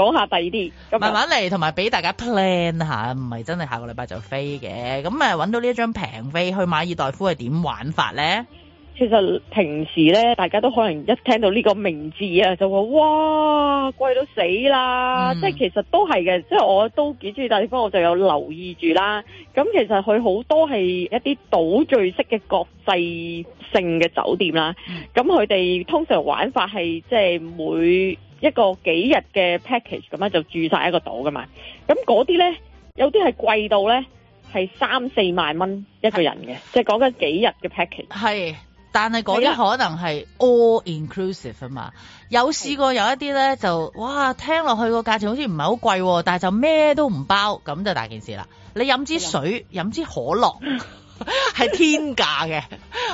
講下第二啲，慢慢嚟，同埋俾大家 plan 下，唔係真係下個禮拜就飛嘅。咁啊，揾到呢一張平飛去馬爾代夫係點玩法呢？其實平時呢，大家都可能一聽到呢個名字啊，就話哇貴到死啦！嗯、即係其實都係嘅，即係我都幾中意大地方，我就有留意住啦。咁其實佢好多係一啲島嶼式嘅國際性嘅酒店啦。咁佢哋通常玩法係即係每一個幾日嘅 package 咁樣就住晒一個島噶嘛咁嗰啲，呢，有啲係貴到呢，係三四萬蚊一個人嘅，即係講緊幾日嘅 package，係，但係嗰啲可能係 all inclusive 啊嘛。有試過有一啲呢，就哇聽落去個價錢好似唔係好貴，但係就咩都唔包，咁就大件事啦。你飲支水飲支的可樂係 天價嘅，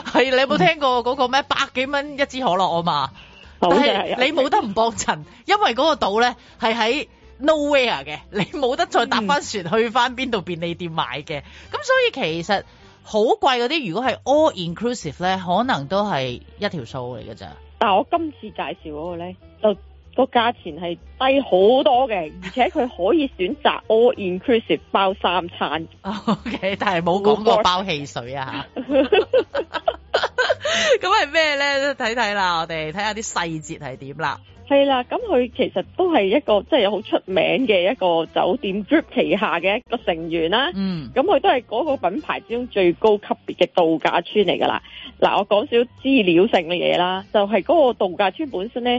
係你有冇聽過嗰個咩百幾蚊一支可樂啊嘛？但係你冇得唔幫襯， 因為嗰個島咧係喺 nowhere 嘅，你冇得再搭翻船、嗯、去翻邊度便利店買嘅。咁所以其實好貴嗰啲，如果係 all inclusive 咧，可能都係一條數嚟㗎咋。但係我今次介紹嗰個呢，就個價錢係低好多嘅，而且佢可以選擇 All Inclusive 包三餐。 OK，但係冇講過包汽水啊。咁係咩呢？睇睇啦，我哋睇下啲細節係點啦。係啦，咁佢其實都係一個即係、就是、有好出名嘅一個酒店 group 旗下嘅一個成員啦。嗯。咁佢都係嗰個品牌之中最高級別嘅度假村嚟㗎啦。嗱，我講少資料性嘅嘢啦，就係、是、嗰個度假村本身呢。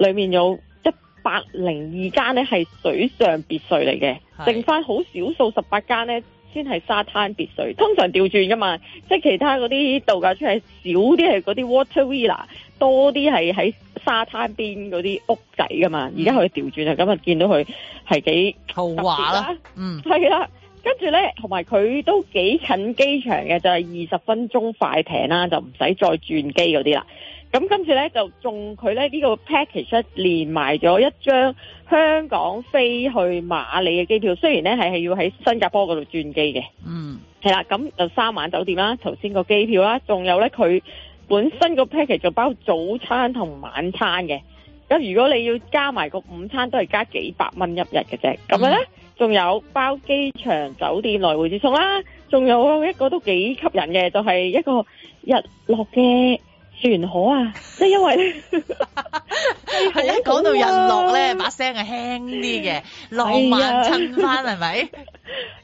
裏面有一百零二間咧係水上別墅嚟嘅，剩翻，好少數十八間咧先係沙灘別墅。通常調轉噶嘛，即係其他嗰啲度假村係少啲係嗰啲 water villa，多啲係喺沙灘邊嗰啲屋仔噶嘛。而家佢調轉就咁啊見到佢係幾豪華啦，嗯，係啦，跟住咧同埋佢都幾近機場嘅，就係二十分鐘快艇啦，就唔使再轉機嗰啲啦。咁今次呢，就仲佢呢、這個、呢個 package 連埋咗一張香港飛去馬里嘅機票，雖然呢係係要喺新加坡嗰度轉機嘅。嗯，係啦，咁就三晚酒店啦，頭先個機票啦，仲有呢佢本身個 package 就包括早餐同晚餐嘅。咁如果你要加埋個午餐，都係加幾百蚊一日嘅啫。咁啊、嗯、呢，仲有包機場酒店來回接送啦，仲有一個都幾吸引嘅，就係、是、一個日落嘅。船河啊，即係因為係啊，講到人落咧， 把聲係輕啲嘅， 是的浪漫襯翻係咪？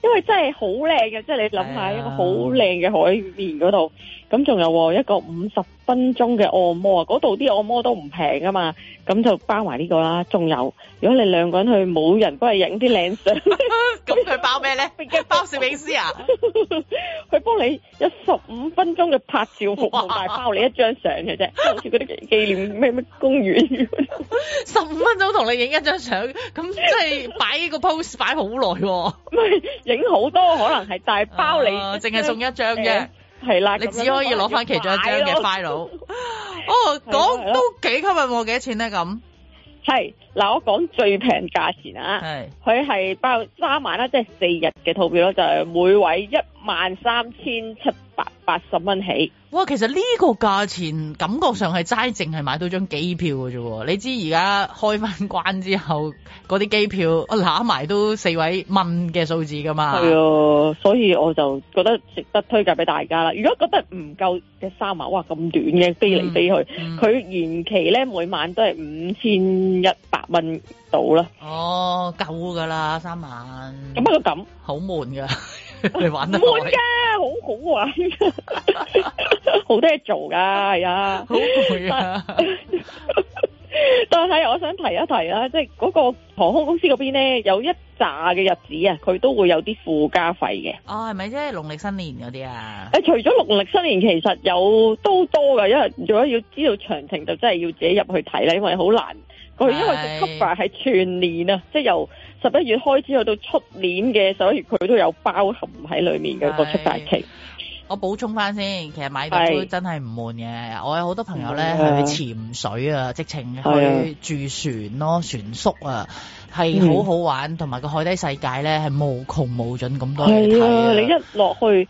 因為真係好靚嘅，即係 你諗下一個好靚嘅海面嗰度。咁仲有一個五十分鐘嘅按摩啊，嗰度啲按摩都唔平啊嘛，咁就包埋呢個啦。仲有，如果你兩個人去，冇人幫你影啲靚相。咁佢包咩咧？包攝影師啊？佢幫你有十五分鐘嘅拍照服務，大包你一張相嘅啫，好似嗰啲紀念咩咩公園。十五分鐘同你影一張相，咁即係擺個 pose 擺好耐。唔係影好多可能係，但係包你淨係送一張啫。係啦，你只可以攞翻其中一張嘅 file。哦，講都幾吸引我，幾多錢咧？咁係，嗱，我講最平價錢啊，係，佢係包三晚啦，即係四日嘅套票咯，就係每位一。萬三千七百八十蚊起，哇！其實呢個價錢感覺上係齋淨係買到張機票嘅啫。你知而家開翻關之後，嗰啲機票我揦埋都四位蚊嘅數字噶嘛。係啊，所以我就覺得值得推介俾大家啦。如果覺得唔夠嘅三晚，哇咁短嘅飛嚟飛去，佢延、嗯嗯、期咧每晚都係五千一百蚊到啦。哦，夠噶啦三晚。咁不過咁？好悶噶。 你玩得悶噶，好好玩噶，好 多嘢做噶，係啊，好攰啊。 但係我想提一提啦，即係嗰個航空公司嗰邊咧，有一紮嘅日子啊，佢都會有啲附加費嘅。哦，係咪即係農曆新年嗰啲啊？誒，除咗農曆新年，其實有都多噶，因為如果要知道詳情，就真係要自己入去睇啦，因為好難，是的因為佢 cover 係全年啊，即係由。十一月開始去到出年嘅十一月，佢都有包含喺裏面嘅個出大期。我補充翻先，其實買大真係唔悶嘅。是我有好多朋友咧，去潛水啊，水直情去住船咯，船宿啊，係好好玩，同埋個海底世界咧係無窮無盡咁多嘢睇。係啊，你一落去。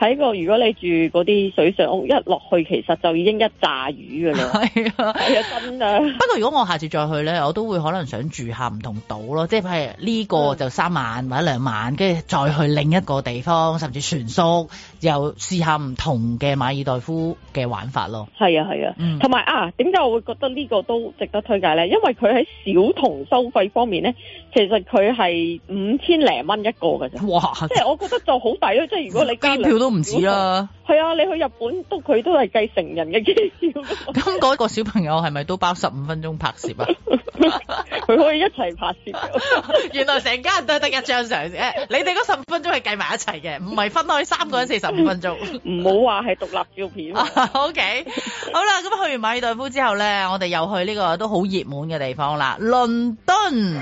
喺個如果你住嗰啲水上屋，一落去其實就已經一炸魚㗎啦。啊， 係啊，真啊。不過如果我下次再去咧，我都會可能想住下唔同島咯，即係呢個就三晚或者兩晚，跟住再去另一個地方，甚至船宿，又試下唔同嘅馬爾代夫嘅玩法咯。係啊，係啊，同埋、嗯、啊，點解我會覺得呢個都值得推介咧？因為佢喺小童收費方面咧，其實佢係五千零蚊一個㗎啫。哇！即係我覺得就好抵咯。即係如果你機票都都唔止啦，係啊！你去日本，都佢都係計成人嘅機票。咁 嗰個小朋友係咪都包十五分鐘拍攝啊？佢 可以一齊拍攝， 原來成家人都得 在一張相。你哋嗰十五分鐘係計埋一齊嘅，唔係 分開三個人四十五分鐘。唔好話係獨立照片啊。 o、okay、K，好啦，咁去完馬爾代夫之後咧，我哋又去呢個都好熱門嘅地方啦，倫敦，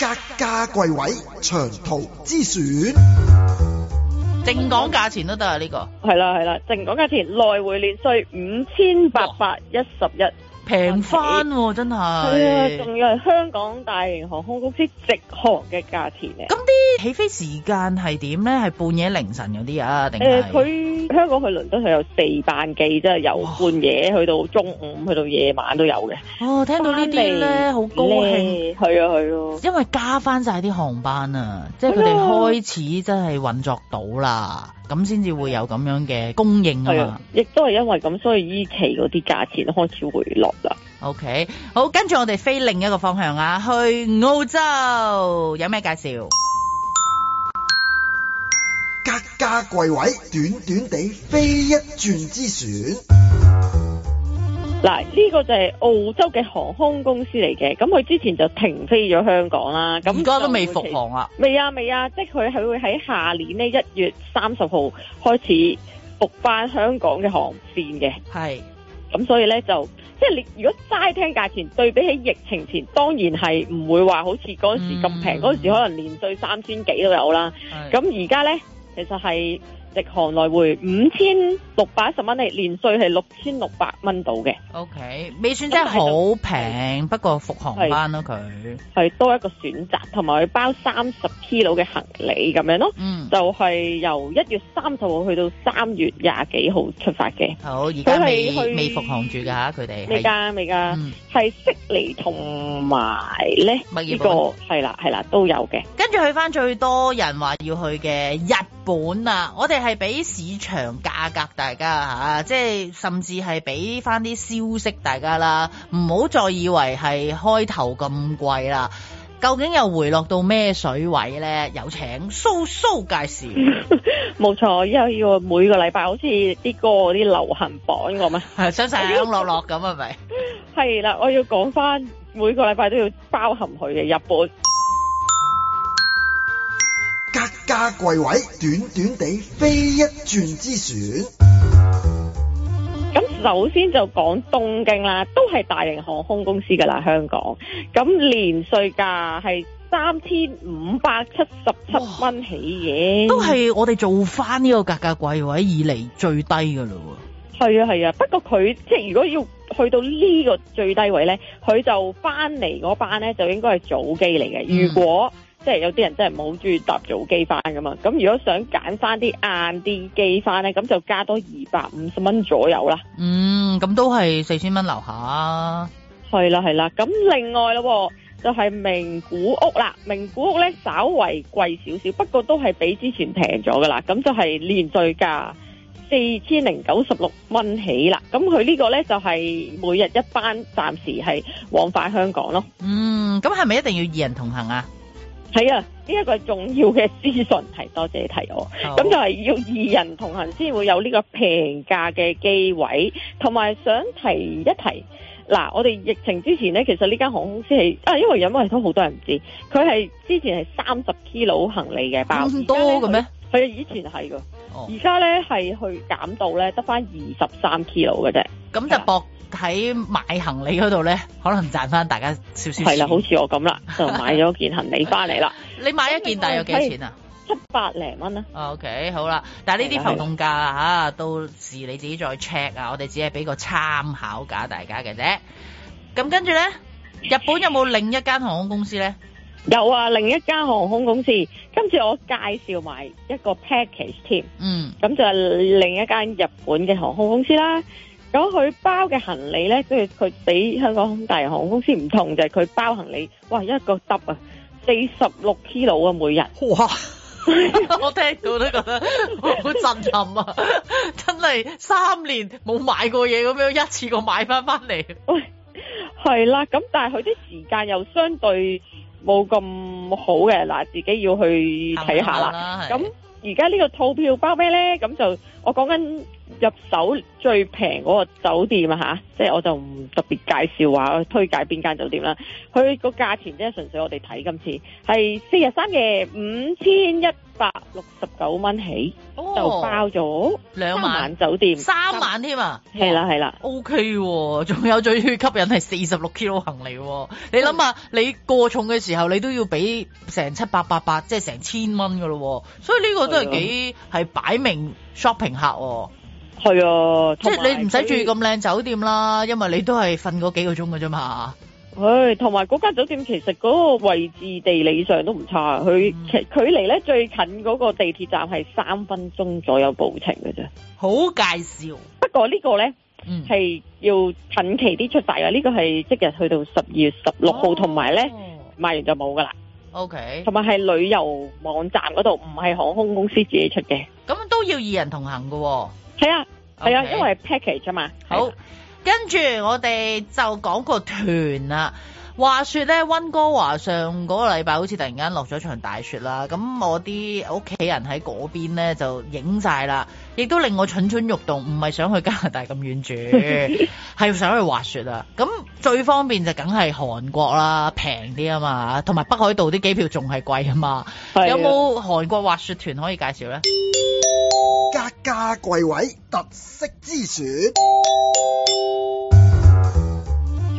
格價貴位長途之選。淨講價錢都得啊！呢、這個係啦係啦，淨講價錢，來回年稅五千八百一十一。哦。平翻真係，係啊！仲要係香港大型航空公司直航嘅價錢咧。咁啲起飛時間係點咧？係半夜凌晨嗰啲啊，定係？誒、呃，佢香港去倫敦係有四班機，即係由半夜、哦、去到中午，去到夜晚都有嘅。哦，聽到呢啲咧，好里高興，係啊，係咯。因為加翻晒啲航班啊，的即係佢哋開始真係運作到啦，咁先至會有咁樣嘅供應嘛啊。嘛亦都係因為咁，所以依期嗰啲價錢開始回落。OK，好，跟住我哋飛另一個方向啊，去澳洲有咩介紹？格價貴位，短短地飛一轉之選。嗱，呢個就係澳洲嘅航空公司嚟嘅，咁佢之前就停飛咗香港啦，咁而家都未復航啊？未啊，未啊，即係佢係會喺下年呢一月三十號開始復翻香港嘅航綫嘅。係是，咁所以呢就。即係你如果齋聽價錢，對比起疫情前，當然係唔會話好似嗰陣時咁平，嗰陣、嗯、時可能連稅三千幾都有啦。咁而家咧，其實係。直航來回五千六百一十蚊，你年稅係六千六百蚊到嘅。O K，未選即係好平，對不過復航班咯佢，係是他多一個選擇，同埋佢包三十 kilo 嘅行李咁樣咯。嗯，就係由一月三十號去到三月廿幾號出發嘅。好，而家未未復航住噶吓，佢哋未噶未噶，係悉尼同埋咧呢、這個係啦係啦都有嘅。跟住去翻最多人話要去嘅日本啊，我哋係俾市場價格，大家嚇、啊，即係甚至係俾翻啲消息大家啦，唔、啊、好再以為係開頭咁貴啦，究竟又回落到咩水位咧？有請蘇、so、蘇、so、介紹，冇 錯，以後要每個禮拜好似啲歌嗰啲流行榜咁啊，想曬香落落咁啊，咪係啦？我要講翻每個禮拜都要包含佢嘅日本。格價貴位，短短地飛一轉之選。咁首先就講東京啦，都係大型航空公司噶啦，香港。咁年稅價係三千五百七十七蚊起嘅、哦，都係我哋做翻呢個格價貴位以嚟最低噶啦。係啊係啊，不過佢即係如果要去到呢個最低位呢，佢就翻嚟嗰班呢，就應該係早機嚟嘅。如果、嗯即係有啲人真係唔係好中意搭早機翻噶嘛，咁如果想揀翻啲晏啲機翻呢，咁就加多二百五十蚊左右啦。嗯，咁都係四千蚊樓下。係啦係啦，咁另外咯，就係名古屋啦。名古屋呢，稍微貴少少，不過都係比之前平咗噶啦。咁就係連稅價四千零九十六蚊起啦。咁佢呢個呢，就係每日一班，暫時係往返香港咯。嗯，咁係咪一定要二人同行啊？係啊，呢一個係重要嘅資訊，係，多謝你提我。咁好就係要二人同行先會有呢個平價嘅機位，同埋想提一提嗱、啊，我哋疫情之前咧，其實呢間航空公司係啊，因為有乜人都好多人唔知道，佢係之前係三十 kilo 行李嘅包，咁多嘅咩？佢以前係㗎，而家咧係去減到咧得返二十三 kilo 嘅啫，咁就薄。是啊喺買行李嗰度咧，可能賺翻大家少少錢。係啦，好似我咁啦，就買咗件行李翻嚟啦。 你買一件大約幾錢啊？七百零蚊啊。OK，好啦，但係呢啲浮動價啊，吓到時你自己再 check 啊。我哋只係俾個參考價大家嘅啫。咁跟住咧，日本有冇另一間航空公司咧？有啊，另一間航空公司。今次我介紹埋一個 package 添。嗯。咁就係另一間日本嘅航空公司啦。咁佢包嘅行李呢，即係佢俾香港大航空公司唔同就係佢包行李，哇，一個喼啊，四十六 kilo 啊每日，哇！我聽到都覺得好震撼啊！真係三年冇買過嘢，咁樣一次過買翻翻嚟，喂，係啦，咁但係佢啲時間又相對冇咁好嘅，嗱，自己要去睇下啦。咁而家呢個套票包咩呢？咁就我講緊。入手最平嗰個酒店啊嚇，即係我就唔特別介紹話我推介邊間酒店啦。佢個價錢即係純粹我哋睇今次係四日三夜五千一百六十九蚊起，哦、就包咗兩晚酒店、哦、萬三晚添啊，係啦係啦，O K 喎，仲有最吸引係四十六 kilo 行李、啊，對你諗下你過重嘅時候你都要俾成七八,八八八，即係成千蚊嘅咯，所以呢個都係幾係擺明 shopping 客、啊。係啊，即係你唔使住咁靚酒店啦，所以因為你都係瞓嗰幾個鐘噶啫嘛。唉、哎，同埋嗰間酒店其實嗰個位置地理上都唔差，佢、嗯、距距離咧最近嗰個地鐵站係三分鐘左右步程嘅啫。好介紹，不過這個呢個咧係要近期啲出發噶，呢、這個係即日去到十二月十六號，同埋咧賣完就冇噶啦。OK，同埋係旅遊網站嗰度，唔係航空公司自己出嘅。咁都要二人同行噶、哦。係啊，係啊，Okay. 因為 package 嘛。好，啊、跟住我哋就講個團啦。話說咧，溫哥華上嗰個禮拜好似突然間落咗場大雪啦，咁我啲屋企人喺嗰邊咧就影晒啦，亦都令我蠢蠢欲動，唔係想去加拿大咁遠住，係 想去滑雪啊！咁最方便就梗係韓國啦，平啲啊嘛，同埋北海道啲機票仲係貴啊嘛，的有冇韓國滑雪團可以介紹咧？格價貴位，特色之選。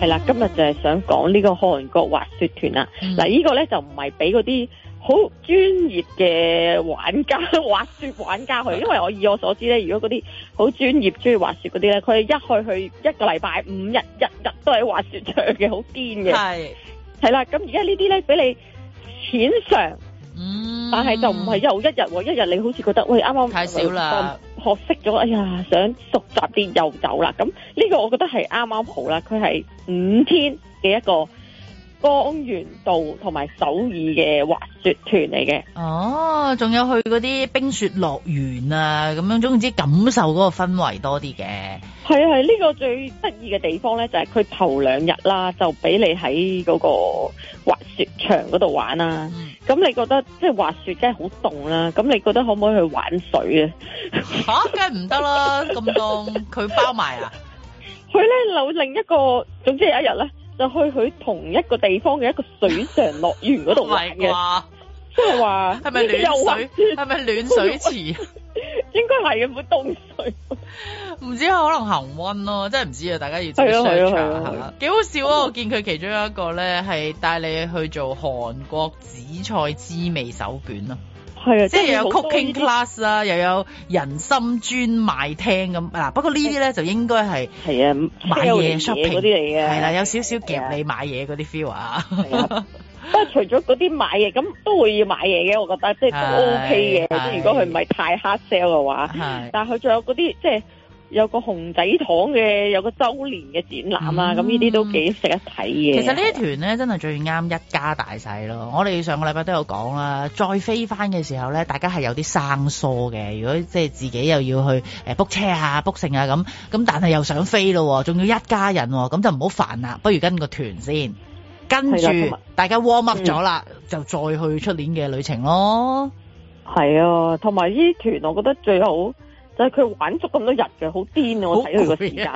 係啦，今日就係想講呢個韓國滑雪團啦。嗱、嗯，呢個呢就唔係俾嗰啲好專業嘅玩家滑雪玩家去，因為我以我所知呢，如果嗰啲好專業中意滑雪嗰啲呢，佢一去去一個禮拜五日，日日都喺滑雪場嘅，好癲嘅。係是。係啦，咁而家呢啲呢，俾你淺嘗，嗯、但係就唔係又一日，一日你好似覺得喂，啱啱太少啦。學識咗，哎呀，想熟習啲又走啦，咁呢個我覺得係啱啱好啦，佢係五天嘅一個江原道同埋首爾嘅滑雪團嚟嘅，哦，仲有去嗰啲冰雪樂園啊，咁樣總之感受嗰個氛圍多啲嘅。係啊係，呢個最得意嘅地方咧，就係佢頭兩日啦，就俾你喺嗰個滑雪場嗰度玩啦。咁、嗯、你覺得即係滑雪真係好凍啦？咁你覺得可唔可以去玩水啊？嚇，梗唔得啦！咁凍，佢包埋啊？佢咧留另一個，總之有一日咧。就去佢同一個地方嘅一個水上樂園嗰度嚟嘅，即係話，係咪暖水？係咪暖水池？ 應該係嘅，冇凍水。唔知啊，可能恆溫咯，真係唔知啊，大家要自己 search 下啦。幾好笑啊！我見佢其中一個咧係帶你去做韓國紫菜滋味手卷咯。係，係啊、即係又有 Cooking Class 啊，又有人心專賣廳咁嗱。不過呢啲呢啲咧就應該係係啊，買嘢 shopping 嗰啲嚟嘅。係啦、啊，有少少夾你買嘢嗰啲 feel 啊。不過、啊、 除咗嗰啲買嘢，咁都會要買嘢嘅，我覺得即係都 OK 嘅。即如果佢唔係太 hard sell 嘅話，但係佢仲有嗰啲即係。有個熊仔糖嘅，有個周年嘅展覽啊，咁呢啲都幾值得睇嘅。其實團呢啲團咧真係最啱一家大細咯。我哋上個禮拜都有講啦，再飛翻嘅時候咧，大家係有啲生疏嘅。如果即係自己又要去誒 book、呃、車啊 book 剩啊咁咁，但係又想飛咯，仲要一家人，咁就唔好煩啦，不如跟個團先，跟住大家 warm up 咗啦、嗯，就再去出年嘅旅程咯。係啊，同埋呢啲團我覺得最好。就係佢玩足咁多日嘅，好癲累啊！我睇佢個時間，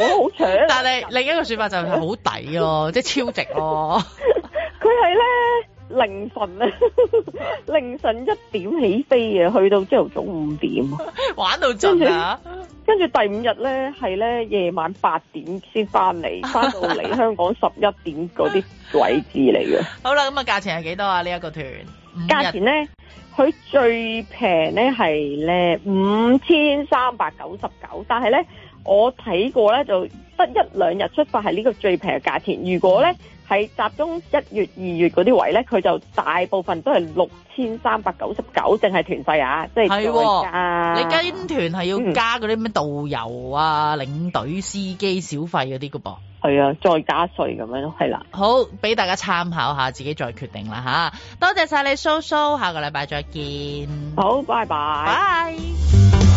我都好搶。但係另一個說法就係好抵咯， 即係超值咯、啊。佢係咧凌晨咧凌晨一點起飛嘅，去到朝頭早五點玩到盡啊跟！跟住第五日咧係咧夜晚八點先翻嚟，翻到嚟香港十一點嗰啲位置嚟嘅。好啦，咁、那、啊、個、價錢係幾多啊？呢、這、一個團價錢咧？佢最平咧係咧五千三百九十九，但係咧我睇過咧就得一兩日出發，係呢個最平嘅價錢。如果咧係集中一月二月嗰啲位咧，佢就大部分都係六千三百九十九，淨係團費啊，即係係你跟團係要加嗰啲咩導遊啊、嗯、領隊、司機小費嗰啲噶噃。係啊，再加稅咁樣咯，係啦。好，俾大家參考下，自己再決定啦吓，多謝晒你，蘇蘇。下個禮拜再見，好，拜拜。Bye.